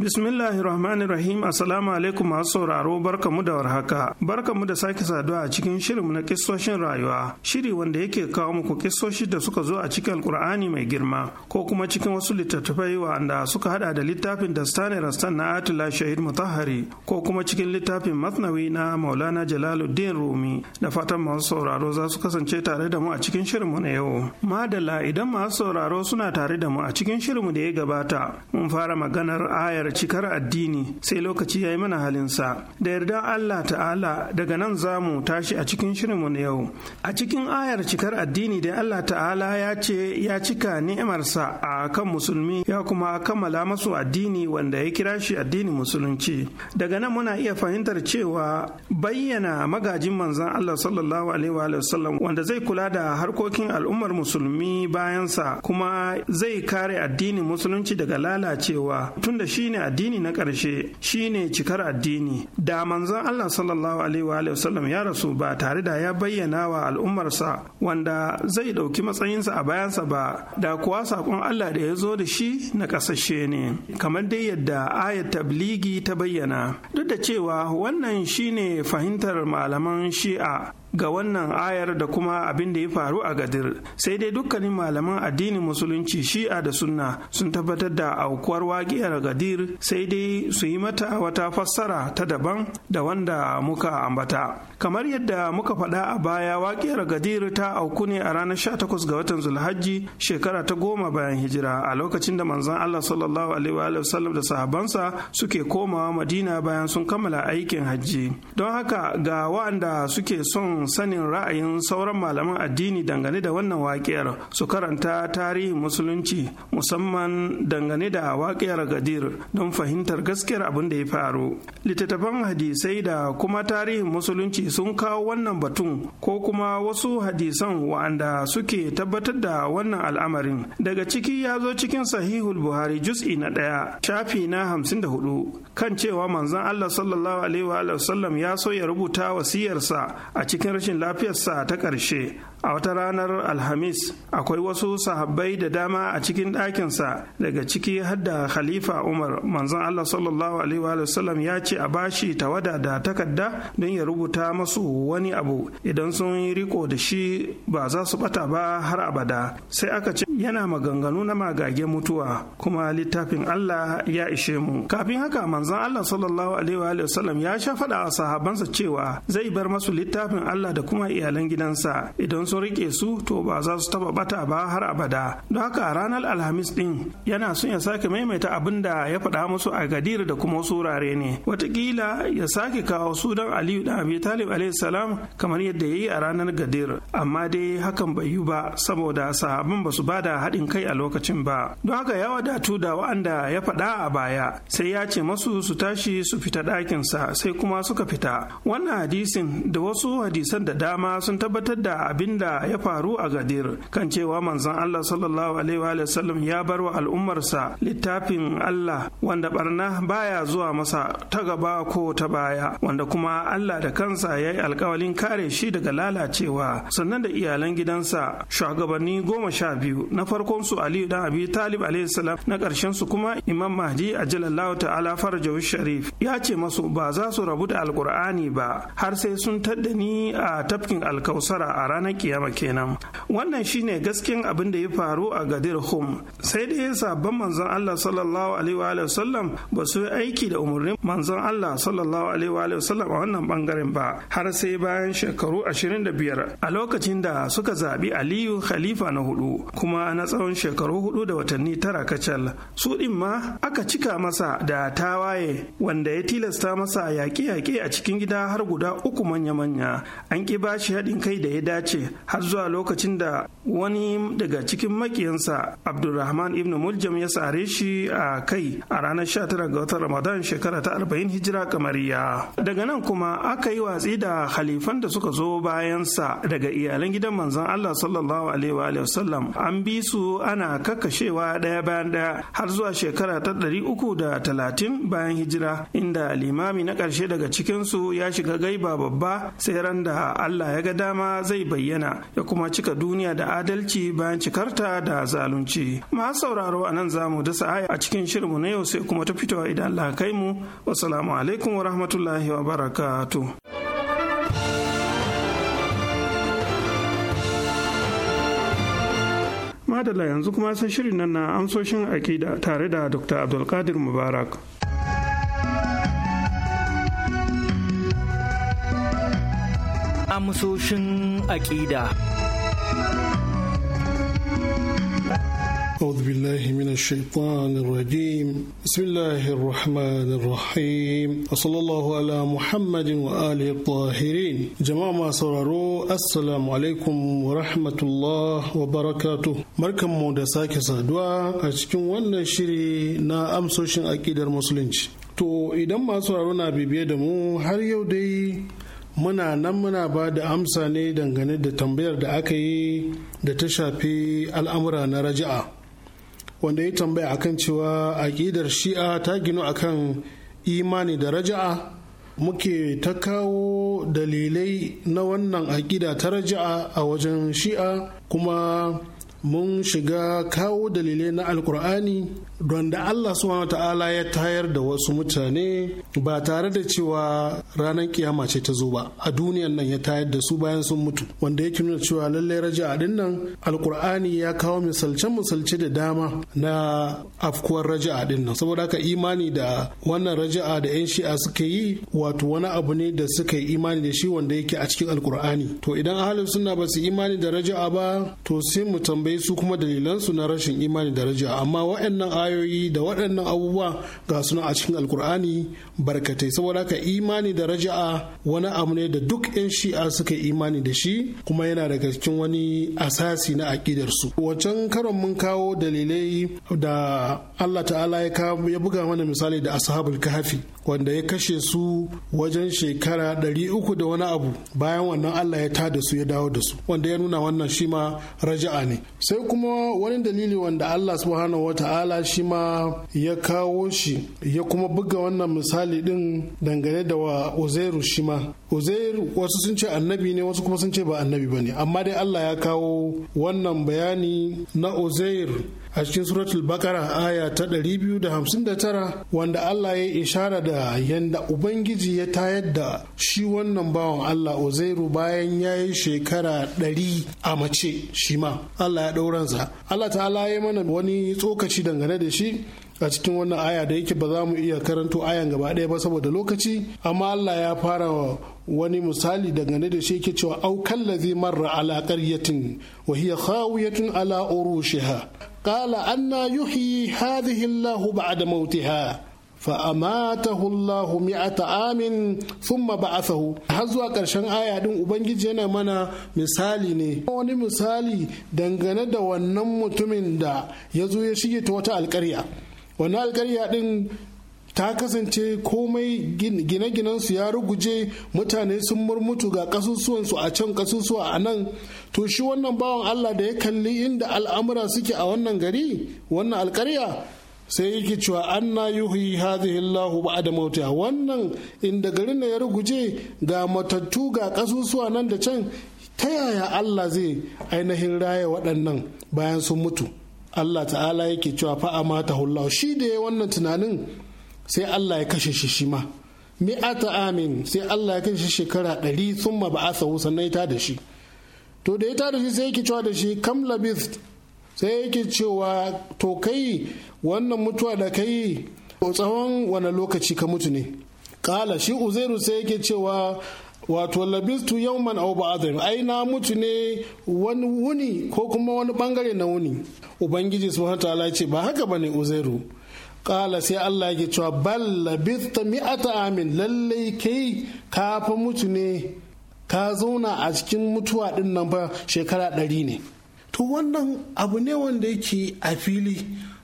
Bismillahi Rahmanir Rahim Assalamu alaikum masu sauraro barkamu da warhaka barkamu da sake saduwa a cikin shirinmu na kissoshin rayuwa shiri wanda yake kawo muku kissoshi da suka zo a cikin Alkur'ani mai girma ko kuma cikin wasu littattafai wanda suka hada da littafin Dastani Rastan na Atila Shahid Mutahari ko kuma cikin littafin Masnawi na Maulana Jalaluddin Rumi da fatan masu sauraro za su kasance tare da mu a cikin shirinmu na yau madala idan masu sauraro suna tare da mu a cikin shirinmu da ya gabata mun fara maganar ayar da cikar addini sai lokaci ya yi mana halinsa da yarda Allah ta'ala daga nan za tashi a cikin shirinmu na yau a cikin ayar cikar addini da Allah ta'ala ya ce ya cika ni'imarsa a kan musulmi ya kuma kammala masu addini wanda ya kira shi addini musulunci daga nan muna iya fahimtar cewa bayyana magajin manzon Allah sallallahu alaihi wa sallam wanda zai kula da harkokin al'ummar musulmi bayansa kuma zai kare addinin musulunci daga lalacewa tunda shine addini na ƙarshe shine cikar addini da manzon Allah sallallahu alaihi wa ya rasu ba tare da ya bayyana wa al'ummarsa wanda zai ɗauki matsayinsa a bayansa ba da kuwa saƙon Allah da ya zo da shi na ƙasashe ne kamar dai yadda ayat tabligi ta bayyana duk da cewa wannan shine fahimtar malaman shi'a ga wannan ayar da kuma abin da ya faru a gadir sai dai dukkanin malaman addinin musulunci shi'a da sunna sun tabbatar da aukuwar wakiyar gadir sai dai su yi mata wata fassara ta daban da wanda muka ambata kamar yadda muka faɗa a baya wakiyar gadir ta auku ne a ranar 18 ga watan zulhajji shekara ta goma bayan hijira a lokacin da manzon allah sallallahu alaihi wa da sahabansa suke komawa madina bayan sun kammala aikin hajji don haka ga waɗanda suke son sanin ra'ayin sauran malaman addini dangane da wannan waƙiyar su karanta tarihin musulunci musamman dangane da waƙiyar gadir don fahimtar gaskiyar abin da ya faru littattafan hadisai da kuma tarihin musulunci sun kawo wannan batun ko kuma wasu hadisan wa'anda suke tabbatar da wannan al'amarin daga ciki ya zo cikin sahihul buhari juz'i na ɗaya shafi na hamsin da hudu kan cewa manzon allah sallallahu alaihi wa sallam ya so ya rubuta wasiyarsa a cikin lokacin rashin lafiyarsa ta ƙarshe a wata ranar alhamis akwai wasu sahabbai da dama a cikin ɗakinsa daga ciki hadda khalifa umar manzon allah sallallahu alaihi wa sallam ya ce a bashi tawada da takarda don ya rubuta masu wani abu idan sun yi riko da shi ba za su bata ba har abada sai aka ce yana maganganu na magage mutuwa kuma littafin allah ya ishe mu kafin haka manzon allah sallallahu alaihi wa sallam ya sha faɗa a sahabansa cewa zai bar masu littafin allah da kuma iyalan gidansa idan sun rike su to ba za su taba bata ba har abada don haka ranar alhamis din yana son ya sake maimaita abin da ya faɗa musu a gadir da kuma wasu wurare ne watakila ya sake kawo su don aliyu da abi talib alayhi salam kamar yadda ya yi a ranar gadir amma dai hakan bai yi ba saboda sahabin ba su ba da haɗin kai a lokacin ba don haka ya wadatu da wa'anda ya faɗa a baya sai ya ce masu su tashi su fita sa sai kuma suka fita wannan hadisin da wasu hadisan da dama sun tabbatar da abin da ya faru a gadir kan cewa manzon Allah sallallahu alaihi wa sallam ya bar wa al'ummarsa littafin Allah wanda barna baya zuwa masa ta gaba ko ta baya wanda kuma Allah da kansa ya yi alkawalin kare shi daga lalacewa sannan da iyalan gidansa shugabanni goma sha biyu na farkon su Aliyu dan Abi Talib alaihi salam na ƙarshen su kuma Imam Mahdi ajalallahu ta'ala farajahu sharif ya ce masu ba za su rabu da alkur'ani ba har sai sun tadda ni a tafkin alkausara a ranar kiyama kenan wannan shine gaskiyan abin da ya faru a gadir hum sai dai sabon manzon Allah sallallahu alaihi wa sallam ba su aiki da umarnin manzon Allah sallallahu alaihi wa sallam a wannan bangaren ba har sai bayan shekaru 25 a lokacin da suka zabi Aliyu khalifa na hudu kuma na tsawon shekaru hudu da watanni tara kacal su din ma aka cika masa da tawaye wanda ya tilasta masa yaƙe-yaƙe a cikin gida har guda uku manya-manya an ƙi bashi haɗin kai da ya dace har zuwa lokacin da wani daga cikin makiyansa abdulrahman ibn muljam ya sare shi a kai a ranar 19 ga watan ramadan shekara ta 40 hijira kamariya daga nan kuma aka yi watsi da halifan da suka zo bayansa daga iyalan gidan manzon allah sallallahu alaihi wa an bi su ana kakashewa daya bayan daya har zuwa shekara ta 330 bayan hijira inda limami na ƙarshe daga cikinsu ya shiga gaiba babba sai ran da allah ya ga dama zai bayyana ya kuma cika duniya da adalci bayan cikarta da zalunci masu sauraro a nan za mu dasa aya a cikin shirinmu na yau sai kuma ta fitowa idan Allah kai mu wasalamu alaikum wa rahmatullahi wa barakatuh madala yanzu kuma san shirin nan na amsoshin aƙida tare da dr abdulkadir mubarak amsoshin aƙida. أعوذ بالله من الشيطان الرجيم بسم الله الرحمن الرحيم وصلى الله على محمد وآله الطاهرين جماعة ما سرروا السلام عليكم ورحمة الله وبركاته مركم مودا ساكي سادوا أشكم وانا شري نا أمسوشن أكيد المسلمين To idan masu na bibiye da mu har yau dai muna nan muna ba da amsa ne dangane da tambayar da aka yi da ta shafi al'amura na raja'a wanda ya tambaya akan cewa aƙidar shi'a ta ginu akan imani da raja'a muke ta kawo dalilai na wannan aƙida ta raja'a a wajen shi'a kuma mun shiga kawo dalilai na alkur'ani don da Allah subhanahu ta'ala ya tayar da wasu mutane ba tare da cewa ranar kiyama ce ta zo ba a duniyan nan ya tayar da su bayan sun mutu wanda yake nuna cewa lallai raja'a din nan alkur'ani ya kawo misalce misalce da dama na afkuwar raja'a din nan saboda haka imani da wannan raja'a da yan shi'a suka yi wato wani abu ne da suka yi imani da shi wanda yake a cikin alkur'ani to idan ahalin suna ba su imani da raja'a ba to sai mu tambayi su kuma dalilansu na rashin imani da raja'a amma wa'annan ayoyi da waɗannan abubuwa ga suna a cikin alkur'ani barkatai saboda haka imani da raja'a wani abu ne da duk 'yan shi'a suka imani da shi kuma yana daga cikin wani asasi na su wancan karon mun kawo dalilai da allah ta'ala ya buga mana misali da ashabul kahfi wanda ya kashe su wajen shekara ɗari uku da wani abu bayan wannan Allah ya ta da su ya dawo da su wanda ya nuna wannan shi ma raja'a ne sai kuma wani dalili wanda Allah subhanahu ta'ala shi ma ya kawo shi ya kuma buga wannan misali din dangane da wa Uzairu shi ma Uzairu wasu sun ce annabi ne wasu kuma sun ce ba annabi ba ne amma dai Allah ya kawo wannan bayani na Uzairu a cikin suratul bakara aya ta 259 wanda Allah ya ishara da yanda ubangiji ya tayar da shi wannan bawan Allah Uzairu bayan ya yi shekara ɗari a mace shi ma Allah ya ɗauransa Allah ta'ala ya mana wani tsokaci dangane da shi a cikin wannan aya da yake ba za mu iya karanto ayan gaba ɗaya ba saboda lokaci amma Allah ya fara wani misali dangane da shi yake cewa aukan lazi marra ala qaryatin wa hiya khawiyatun ala urushiha قال أنا يحيي هذه الله بعد موتها فأماته الله مئة عام ثم بعثه har zuwa ƙarshen aya din ubangiji yana mana misali ne wani misali dangane da wannan mutumin da ya zo ya shige ta wata alƙarya wani alƙarya din ta kasance komai gine ginen su ya ruguje mutane sun murmutu ga kasusuwansu a can kasusuwa a nan to shi wannan bawan Allah da ya kalli inda al'amura suke a wannan gari wannan alkarya sai yake cewa anna yuhi hadhihi Allahu ba'da mautiha wannan inda garin ne ya ruguje ga matattu ga kasusuwa nan da can ta yaya Allah zai ainihin raya waɗannan bayan sun mutu Allah ta'ala yake cewa fa'a mata hullahu shi da ya wannan tunanin sai Allah ya kashe shi shi ma mi'ata amin sai Allah ya kashe shekara ɗari sun ma ba'asa sannan ya da shi to da ya tada shi sai yake cewa da shi kam labis sai yake cewa to kai wannan mutuwa da kai tsawon wani lokaci ka mutu ne kala shi uzairu sai yake cewa wato labistu man au ba'dhan ai na mutu ne wani wuni ko kuma wani bangare na wuni ubangiji su wataala ce ba haka ba ne uzairu kala sai Allah yake cewa bal labithta mi'ata amin lallai kai ka fa mutu ne ka zauna a cikin mutuwa din nan ba shekara ɗari ne to wannan abu ne wanda yake a fili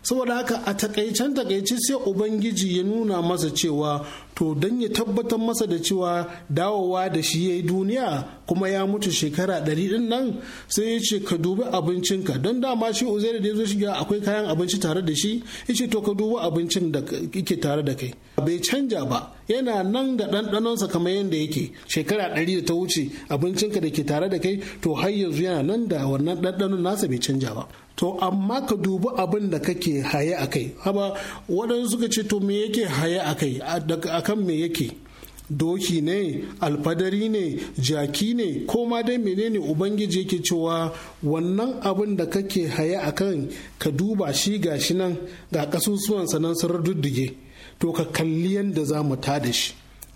saboda haka a takaicen takaici sai ubangiji ya nuna masa cewa to don ya tabbatar masa da cewa dawowa da shi ya yi duniya kuma ya mutu shekara ɗari ɗin nan sai ya ce ka dubi abincinka don dama shi uzairu da ya zo shiga akwai kayan abinci tare da shi ya ce to ka dubi abincin da yake tare da kai bai canja ba yana nan da ɗanɗanonsa kamar yadda yake shekara ɗari da ta wuce abincinka da ke tare da kai to har yanzu yana nan da wannan ɗanɗanon nasa bai canja ba to amma ka dubi abin da kake haye a kai haba waɗansu suka ce to me yake haye a kai a kan me yake doki ne alfadari ne jaki ne ko ma dai menene ubangiji yake cewa wannan abin da kake haye a kan ka duba shi gashi nan ga kasusuwan sanan sun rududdige to ka kalli yadda za mu ta da shi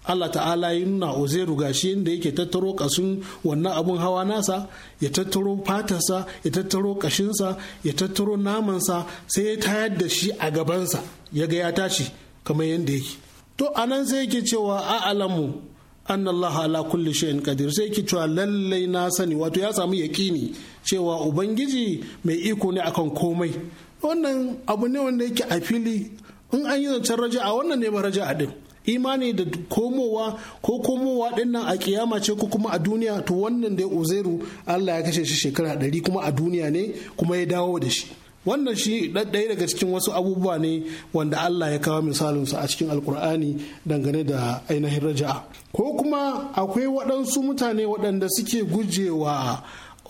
Allah ta'ala ya nuna uzairu gashi inda yake tattaro kasun wannan abun hawa nasa ya tattaro fatarsa ya tattaro kashinsa ya tattaro namansa sai ya tayar da shi a gabansa ya ga ya tashi kamar yadda yake to anan sai yake cewa a alamu an Allah ala kulli shay'in kadir sai yake cewa lallai na sani wato ya samu yaƙini cewa ubangiji mai iko ne akan komai wannan abu ne wanda yake a fili in an yi zancen raja'a wannan ne ba raja'a din imani da komowa ko komowa dinnan a kiyama ce ko kuma a duniya to wannan da uzairu Allah ya kashe shi shekara ɗari kuma a duniya ne kuma ya dawo da shi wannan shi ɗaya daga cikin wasu abubuwa ne wanda Allah ya kawo misalinsu a cikin alkur'ani dangane da ainihin raja'a ko kuma akwai waɗansu mutane waɗanda suke gujewa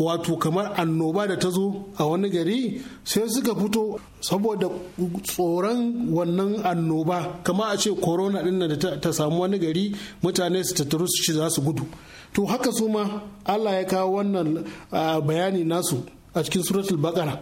wato kamar annoba da ta zo a wani gari sai suka fito saboda tsoron wannan annoba kamar a ce corona din da ta samu wani gari mutane su tattaru su ci za su gudu to haka su ma Allah ya kawo wannan bayani nasu a cikin suratul baqara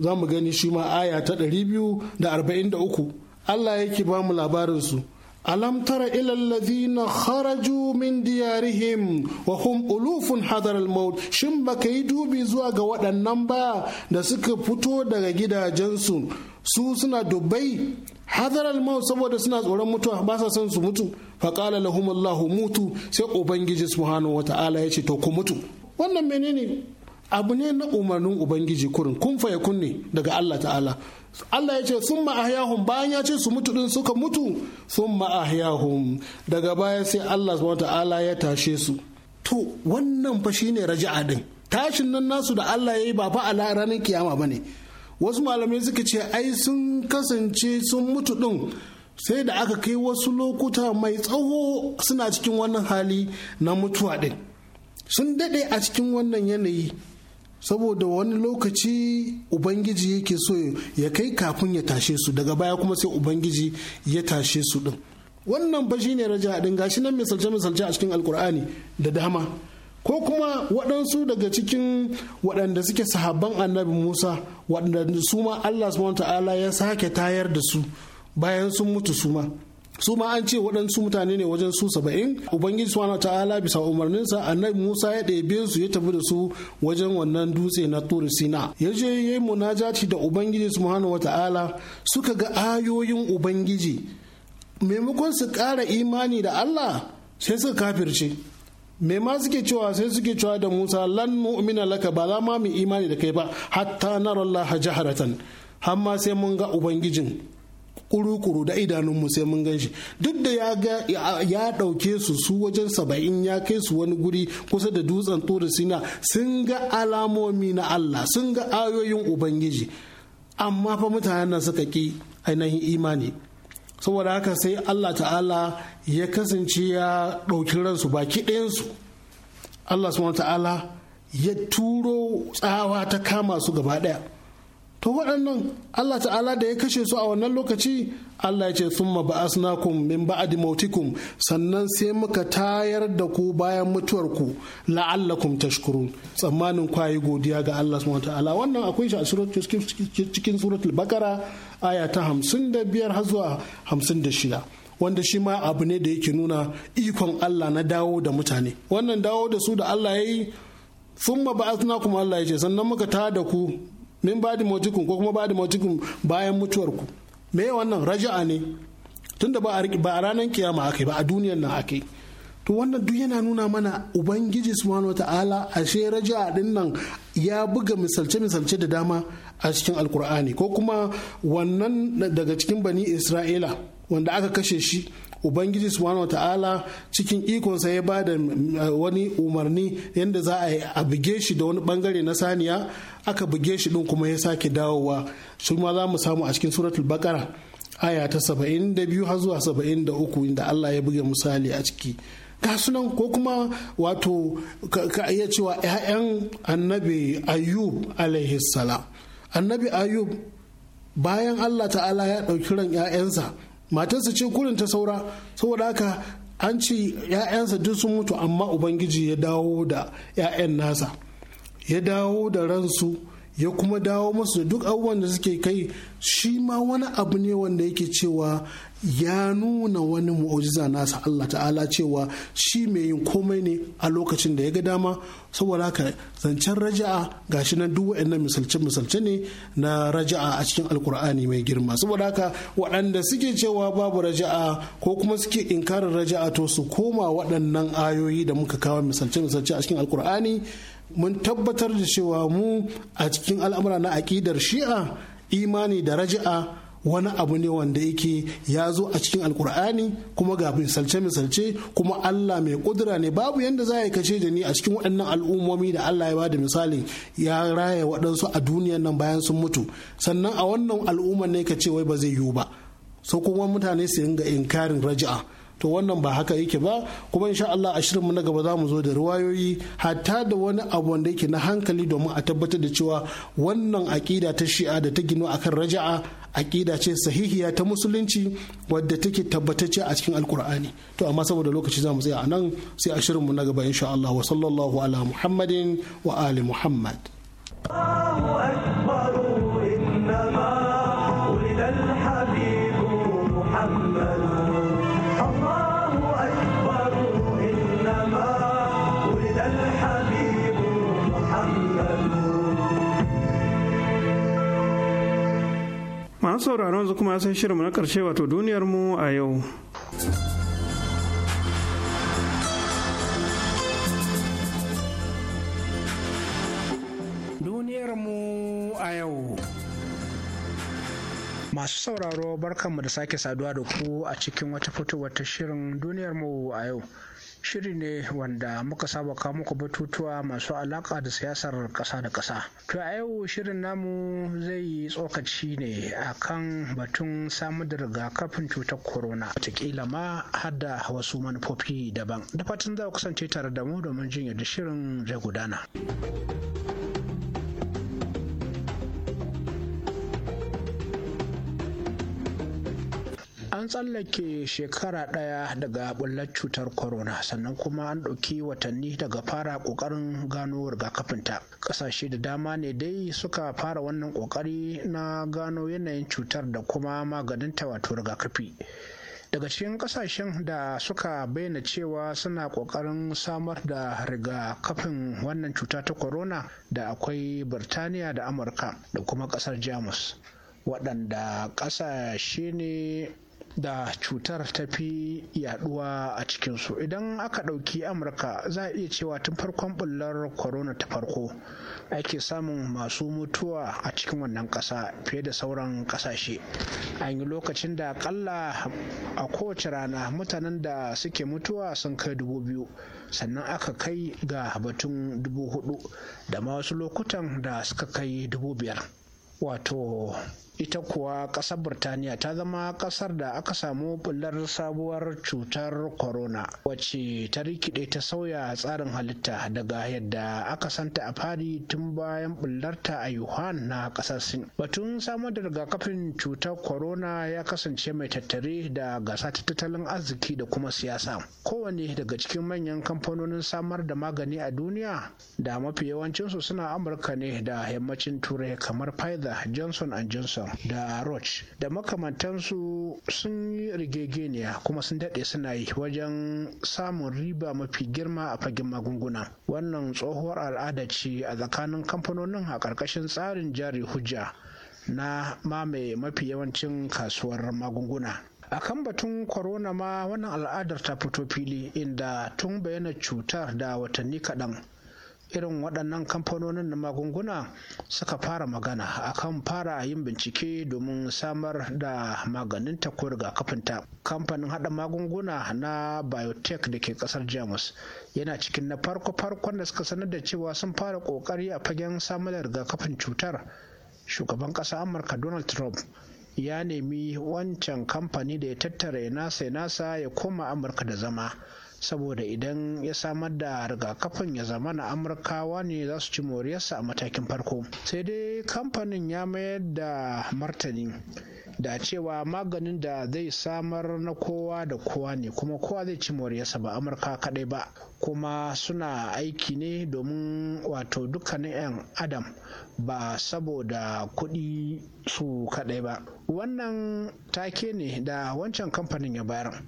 za mu gani shi ma aya ta 243 Allah yake ba mu labarin su Alamtar تر إلى الذين خرجوا من ديارهم وهم ألوف حضر baka yi dubi zuwa ga waɗannan ba da suka fito daga gidajensu su suna dubbai hadaral maut saboda suna tsoron mutuwa ba sa son su mutu faqala lahum mutu sai ubangiji subhanahu wataala ya ce to ku mutu wannan menene abu ne na umarnin ubangiji kurin kun faye kunne daga Allah ta'ala Allah ya ce sun ma'ahiyahun bayan ya ce su mutu din suka mutu sun ma'ahiyahun daga baya sai Allah subhanahu ta'ala ya tashe su to wannan fa shine raja'a din tashin nan nasu da Allah ya yi ba fa a ranar kiyama ba ne? wasu malamai suka ce ai sun kasance sun mutu din sai da aka kai wasu lokuta mai tsawo suna cikin wannan hali na mutuwa din sun dade a cikin wannan yanayi saboda wani lokaci ubangiji yake so ya kai kafin ya tashe su daga baya kuma sai ubangiji ya tashe su din wannan ba shine raja din gashi nan misalce misalce a cikin alkur'ani da dama ko kuma waɗansu daga cikin waɗanda suke sahabban annabi musa waɗanda su ma allah subhanahu ta'ala ya sake tayar da su bayan sun mutu su ma su ma an ce waɗansu mutane ne wajen su saba'in ubangiji ta ta'ala bisa umarninsa annabi musa ya ɗebe su ya tafi da su wajen wannan dutse na tur sina ya je ya yi munajati da ubangiji subhanahu ta'ala suka ga ayoyin ubangiji maimakon su ƙara imani da allah sai suka kafirce me ma suke cewa sai suke cewa da musa lan mu'mina laka ba za ma mu imani da kai ba hatta na rallaha jaharatan har ma sai mun ga ubangijin kuru-kuru da idanunmu sai mun gan shi duk da ya ɗauke su su wajen saba'in ya kai su wani guri kusa da dutsen tura sina sun ga alamomi na Allah sun ga ayoyin ubangiji amma fa mutanen nan suka ki ainihin imani saboda haka sai Allah ta'ala ya kasance ya ɗauki ransu baki ɗayansu Allah subhanahu ta'ala ya turo tsawa ta kama su gaba ɗaya to waɗannan Allah ta'ala da ya kashe su a wannan lokaci Allah ya ce summa ba'asnakum min ba'di mautikum sannan sai muka tayar da ku bayan mutuwar ku la'allakum tashkurun tsammanin kwayi godiya ga Allah subhanahu ta'ala wannan akwai shi a cikin suratul bakara aya ta 55 har zuwa 56 wanda shi ma abu ne da yake nuna ikon Allah na dawo da mutane wannan dawo da su da Allah ya yi sun ba Allah ya ce sannan muka ta da ku min ba da mautukun? ko kuma ba da mautukun bayan mutuwarku me wannan raja'a ne tunda ba a ranar kiyama ake ba a duniyar nan ake to wannan duk yana nuna mana ubangiji subhanahu ta'ala ashe raja'a din nan ya buga misalce-misalce da dama a cikin alkur'ani ko kuma wannan daga cikin bani isra'ila wanda aka kashe shi ubangiji subhanahu ta'ala cikin ikonsa ya ba da eh, wani umarni yadda za a buge shi da wani bangare na saniya aka buge shi din kuma ya sake dawowa su ma za mu samu a cikin suratul bakara aya ta saba'in da biyu har zuwa saba'in da uku inda Allah ya buga misali a ciki ga sunan ko kuma wato ka iya cewa 'ya'yan annabi Ayub alaihi salam annabi Ayub bayan Allah ta'ala ya ɗauki ran 'ya'yansa matarsa ce kurin ta saura saboda haka an ce 'ya'yansa duk sun mutu amma ubangiji ya dawo da 'ya'yan nasa ya dawo da ransu ya kuma dawo masu da duk abubuwan da suke kai shi ma wani abu ne wanda yake cewa ya nuna wani mu'ujiza nasa Allah ta'ala cewa shi mai yin komai ne a lokacin da ya ga dama saboda haka zancen raja'a gashi nan duk waɗannan misalce-misalce ne na raja'a a cikin alkur'ani mai girma saboda haka waɗanda suke cewa babu raja'a ko kuma suke inkarin raja'a to su koma waɗannan ayoyi da muka kawo misalce-misalce a cikin alkur'ani mun tabbatar da cewa mu a cikin al'amura na aƙidar shi'a imani da raja'a wani abu ne wanda yake ya zo a cikin alkur'ani kuma ga misalce misalce kuma Allah mai kudura ne babu yadda za a yi kace da ni a cikin waɗannan al'ummomi da Allah ya bada misali ya raya waɗansu a duniyan nan bayan sun mutu sannan a wannan al'ummar ne ka ce wai ba zai yiwu ba so kuma mutane su ringa inkarin raja'a to wannan ba haka yake ba kuma insha Allah a mu na gaba za mu zo da riwayoyi hatta da wani abu wanda yake na hankali domin a tabbatar da cewa wannan aƙida ta shi'a da ta gino akan raja'a aƙida ce sahihiya ta musulunci wadda take tabbatacce a cikin alkur'ani to amma saboda lokaci za mu tsaya a nan sai a mu na gaba insha Allah wa sallallahu ala muhammadin wa ali muhammad Allahu akbar masu sauraron zu kuma san shirinmu na karshe wato duniyar mu a yau duniyar a yau Masu sauraro barkanmu da sake saduwa da ku a cikin wata fitowar ta shirin duniyarmu a yau. shiri ne wanda muka saba kawo muku batutuwa masu alaka da siyasar ƙasa da ƙasa. To a yau shirin namu zai yi tsokaci ne akan batun samun da rigakafin cutar corona wataƙila ma har da wasu manufofi daban. Da fatan za ku kasance tare da mu domin jin yadda shirin zai gudana. an tsallake shekara ɗaya daga bullar cutar corona sannan kuma an ɗauki watanni daga fara ƙoƙarin gano rigakafinta ƙasashe da dama ne dai suka fara wannan ƙoƙari na gano yanayin cutar da kuma maganinta wato rigakafi daga cikin ƙasashen da suka bayyana cewa suna ƙoƙarin samar da rigakafin wannan cuta ta corona da akwai birtaniya da amurka da kuma ƙasar jamus waɗanda ƙasashe ne da cutar ta fi yaduwa a cikinsu idan aka ɗauki amurka za a iya cewa tun farkon bullar corona ta farko ake samun masu mutuwa a cikin wannan ƙasa fiye da sauran ƙasashe an yi lokacin da akalla a kowace rana mutanen da suke mutuwa sun kai dubu biyu sannan aka kai ga batun dubu hudu da ma wasu lokutan da suka kai dubu biyar wato ita kuwa ƙasar birtaniya ta zama ƙasar da aka samu bullar sabuwar cutar corona wacce ta rikide ta sauya tsarin halitta daga yadda aka santa a fari tun bayan bullarta a yuhan na ƙasar sin batun samar da rigakafin cutar corona ya kasance mai tattare da gasa ta tattalin arziki da kuma siyasa kowane daga cikin manyan kamfanonin samar da magani a duniya da mafi yawancinsu suna amurka ne da yammacin turai kamar pfizer johnson and johnson da Roch da makamantansu sun yi rigegeniya kuma sun daɗe suna yi wajen samun riba mafi girma a fagen magunguna. Wannan tsohuwar al'ada ce a tsakanin kamfanonin a ƙarƙashin tsarin jari hujja na mamaye mafi yawancin kasuwar magunguna. a kan batun corona ma wannan al'adar ta fito fili inda tun bayyana cutar da watanni kaɗan irin waɗannan kamfanonin na magunguna suka fara magana akan fara yin bincike domin samar da maganin ta ko rigakafinta kamfanin haɗa magunguna na biotech da ke ƙasar jamus yana cikin na farko-farkon da suka sanar da cewa sun fara ƙoƙari a fagen samun rigakafin cutar shugaban ƙasa amurka donald trump ya nemi wancan kamfani da ya tattara ya nasa ya koma amurka da zama saboda idan ya samar da rigakafin ya zama na amurkawa ne za su ci moriyarsa a matakin farko sai dai kamfanin ya mayar da martani da cewa maganin da zai samar na kowa da kowa ne kuma kowa zai ci moriyarsa ba amurka kadai ba kuma suna aiki ne domin wato dukkanin 'yan adam ba saboda kuɗi su kadai ba wannan take ne da wancan kamfanin ya bayar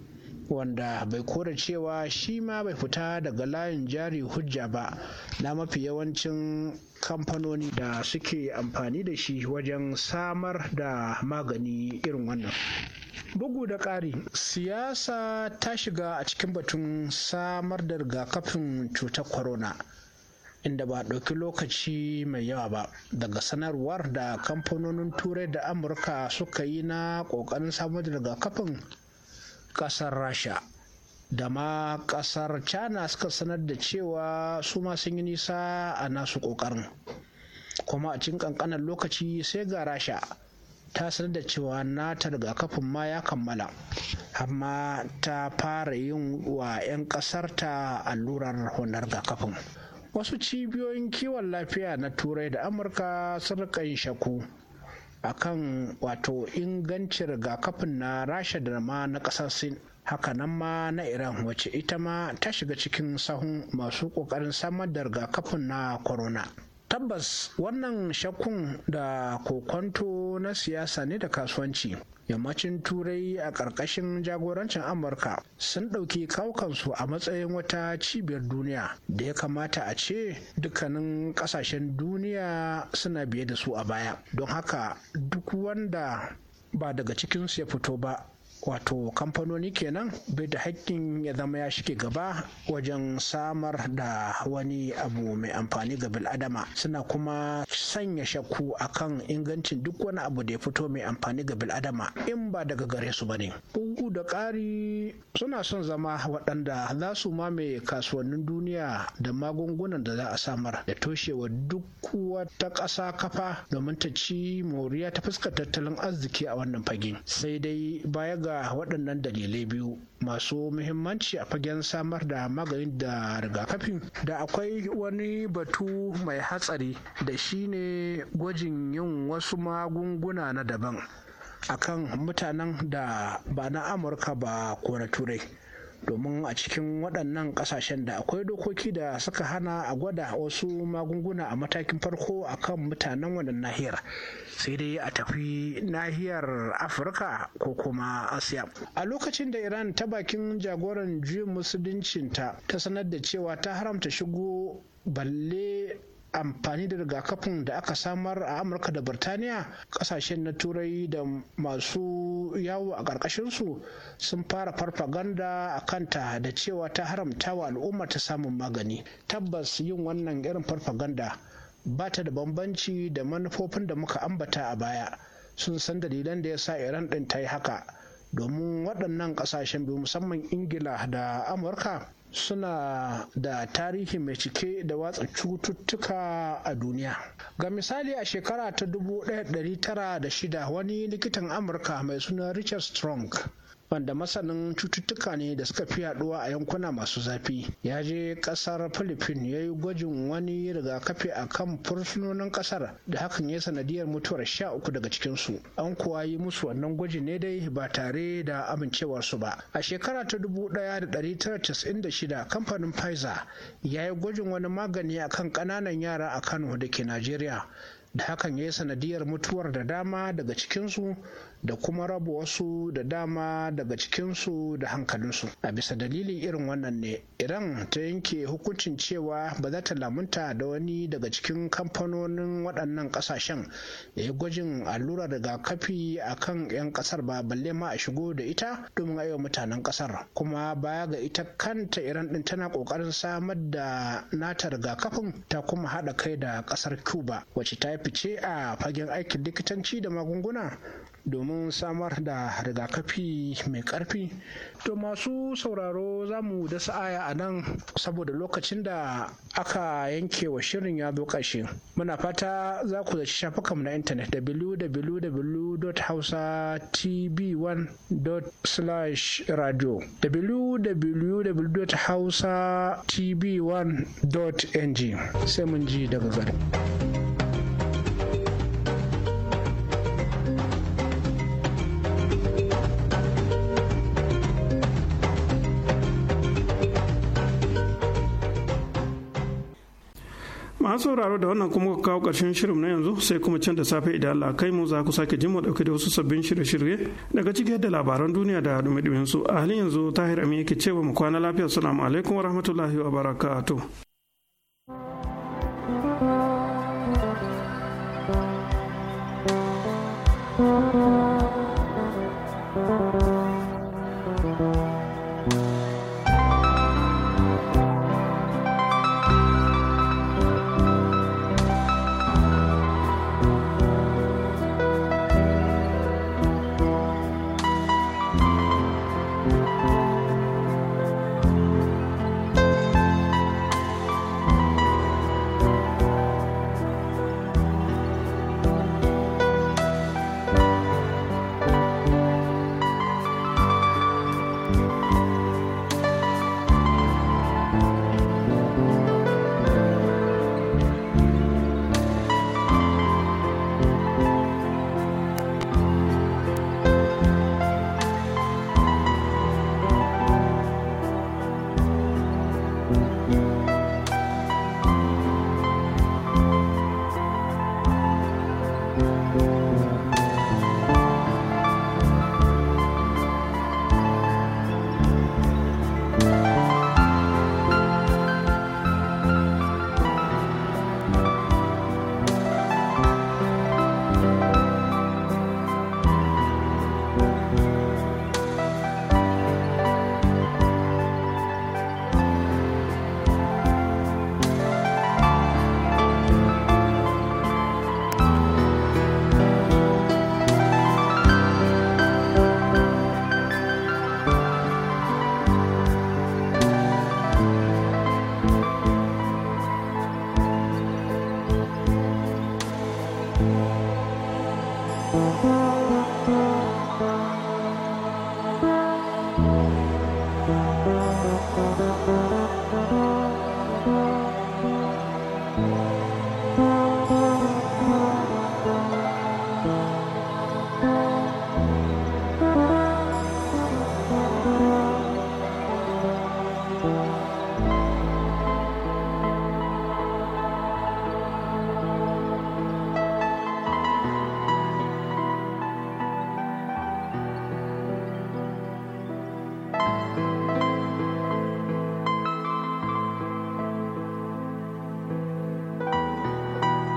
wanda bai kore cewa shi ma bai fita daga layin jari hujja ba na mafi yawancin kamfanoni da suke amfani da shi wajen samar da magani irin wannan bugu da ƙari siyasa ta shiga a cikin batun samar da rigakafin cutar corona inda ba ɗauki lokaci mai yawa ba daga sanarwar da kamfanonin turai da amurka suka yi na ƙoƙarin samar da rigakafin ƙasar rasha da ma ƙasar china suka sanar da cewa su ma sun yi nisa a nasu ƙoƙarin kuma a cikin ƙanƙanar lokaci sai ga rasha ta sanar da cewa nata kafin ma ya kammala amma ta fara yin wa 'yan ƙasarta allurar ga kafin. wasu cibiyoyin kiwon lafiya na turai da amurka sun rika yin shaku akan wato ingancin rigakafin na rasha da ma na ƙasar sin hakanan ma na iran wacce ita ma ta shiga cikin sahun masu ƙoƙarin samar da rigakafin na corona. tabbas wannan shakkun da kokonto na siyasa ne da kasuwanci yammacin turai a ƙarƙashin jagorancin amurka sun ɗauki kaukansu a matsayin wata cibiyar duniya da ya kamata a ce dukkanin ƙasashen duniya suna biye da su a baya don haka duk wanda ba daga cikinsu ya fito ba wato kamfanoni kenan bai da haƙƙin ya zama ya shige gaba wajen samar da wani abu mai amfani ga bil'adama suna kuma sanya shakku akan ingancin duk wani abu da ya fito mai amfani ga bil'adama in ba daga gare su ba ne bugu da ƙari suna son zama waɗanda za su mame kasuwannin duniya da magungunan da za a samar da toshewa duk wata ƙasa kafa domin ta ci moriya ta fuskar tattalin arziki a wannan fagen. sai dai baya ga ga waɗannan dalilai biyu masu muhimmanci a fagen samar da magani da rigakafin da akwai wani batu mai hatsari da shine gwajin yin wasu magunguna na daban akan mutanen da ba na amurka ba ko na turai domin a cikin waɗannan ƙasashen da akwai dokoki da suka hana a gwada wasu magunguna a matakin farko a kan mutanen wannan nahiyar sai dai a tafi nahiyar afirka ko kuma asiya a lokacin da iran ta bakin jagoran juyin musuluncinta ta sanar da cewa ta haramta shigo balle amfani da rigakafin da aka samar a amurka da birtaniya kasashen na turai da masu yawo a ƙarƙashinsu sun fara farfaganda a kanta da cewa ta haramta wa al'umma ta samun magani tabbas yin wannan irin farfaganda ba ta da bambanci da manufofin da muka ambata a baya sun san dalilan da ya sa iran ɗin ta yi haka domin waɗannan ƙasashen biyu musamman ingila da amurka suna da tarihi mai cike da watsa cututtuka a duniya ga misali a shekara ta 1906 wani likitan amurka mai suna richard strong wanda masanin cututtuka ne da suka fi yaduwa a yankuna masu zafi ya je kasar philippines ya yi gwajin wani rigakafi a kan fursunonin kasar da hakan ya sanadiyar mutuwar sha uku daga cikinsu an kuwa yi musu wannan gwaji ne dai ba tare da su ba a shekara ta dubu da shida kamfanin pfizer ya yi gwajin wani magani a kan ƙananan yara a kano da ke najeriya da hakan ya yi sanadiyar mutuwar da dama daga cikinsu da kuma raba wasu da dama daga cikinsu da hankalinsu a bisa dalilin irin wannan ne iran ta yanke hukuncin cewa ba za ta lamunta da wani daga cikin kamfanonin waɗannan ƙasashen da ya gwajin allurar rigakafi a kan 'yan ƙasar ba balle ma a shigo da ita domin aiwa mutanen ƙasar kuma baya ga ita kanta iran ɗin tana ƙoƙarin samar da nata rigakafin ta kuma haɗa kai da ƙasar cuba wacce ta fice a fagen aikin likitanci da magunguna domin samar da rigakafi mai ƙarfi to masu sauraro za mu da aya a nan saboda lokacin da aka yanke wa shirin ya zo ƙarshe muna fata za ku zaci shafukan na intanet www.hausatv1.radio www.hausatv1.ng sai mun ji daga gari. sauraro da wannan kuma kawo ƙarshen shirin na yanzu sai kuma can da safe idan Allah kai mu za ku sake jin mu dauke da wasu sabbin shirye-shirye daga cikin da labaran duniya da dumi-dumin su a halin yanzu tahir amin yake cewa mu kwana lafiya salamu alaikum wa rahmatullahi wa barakatuh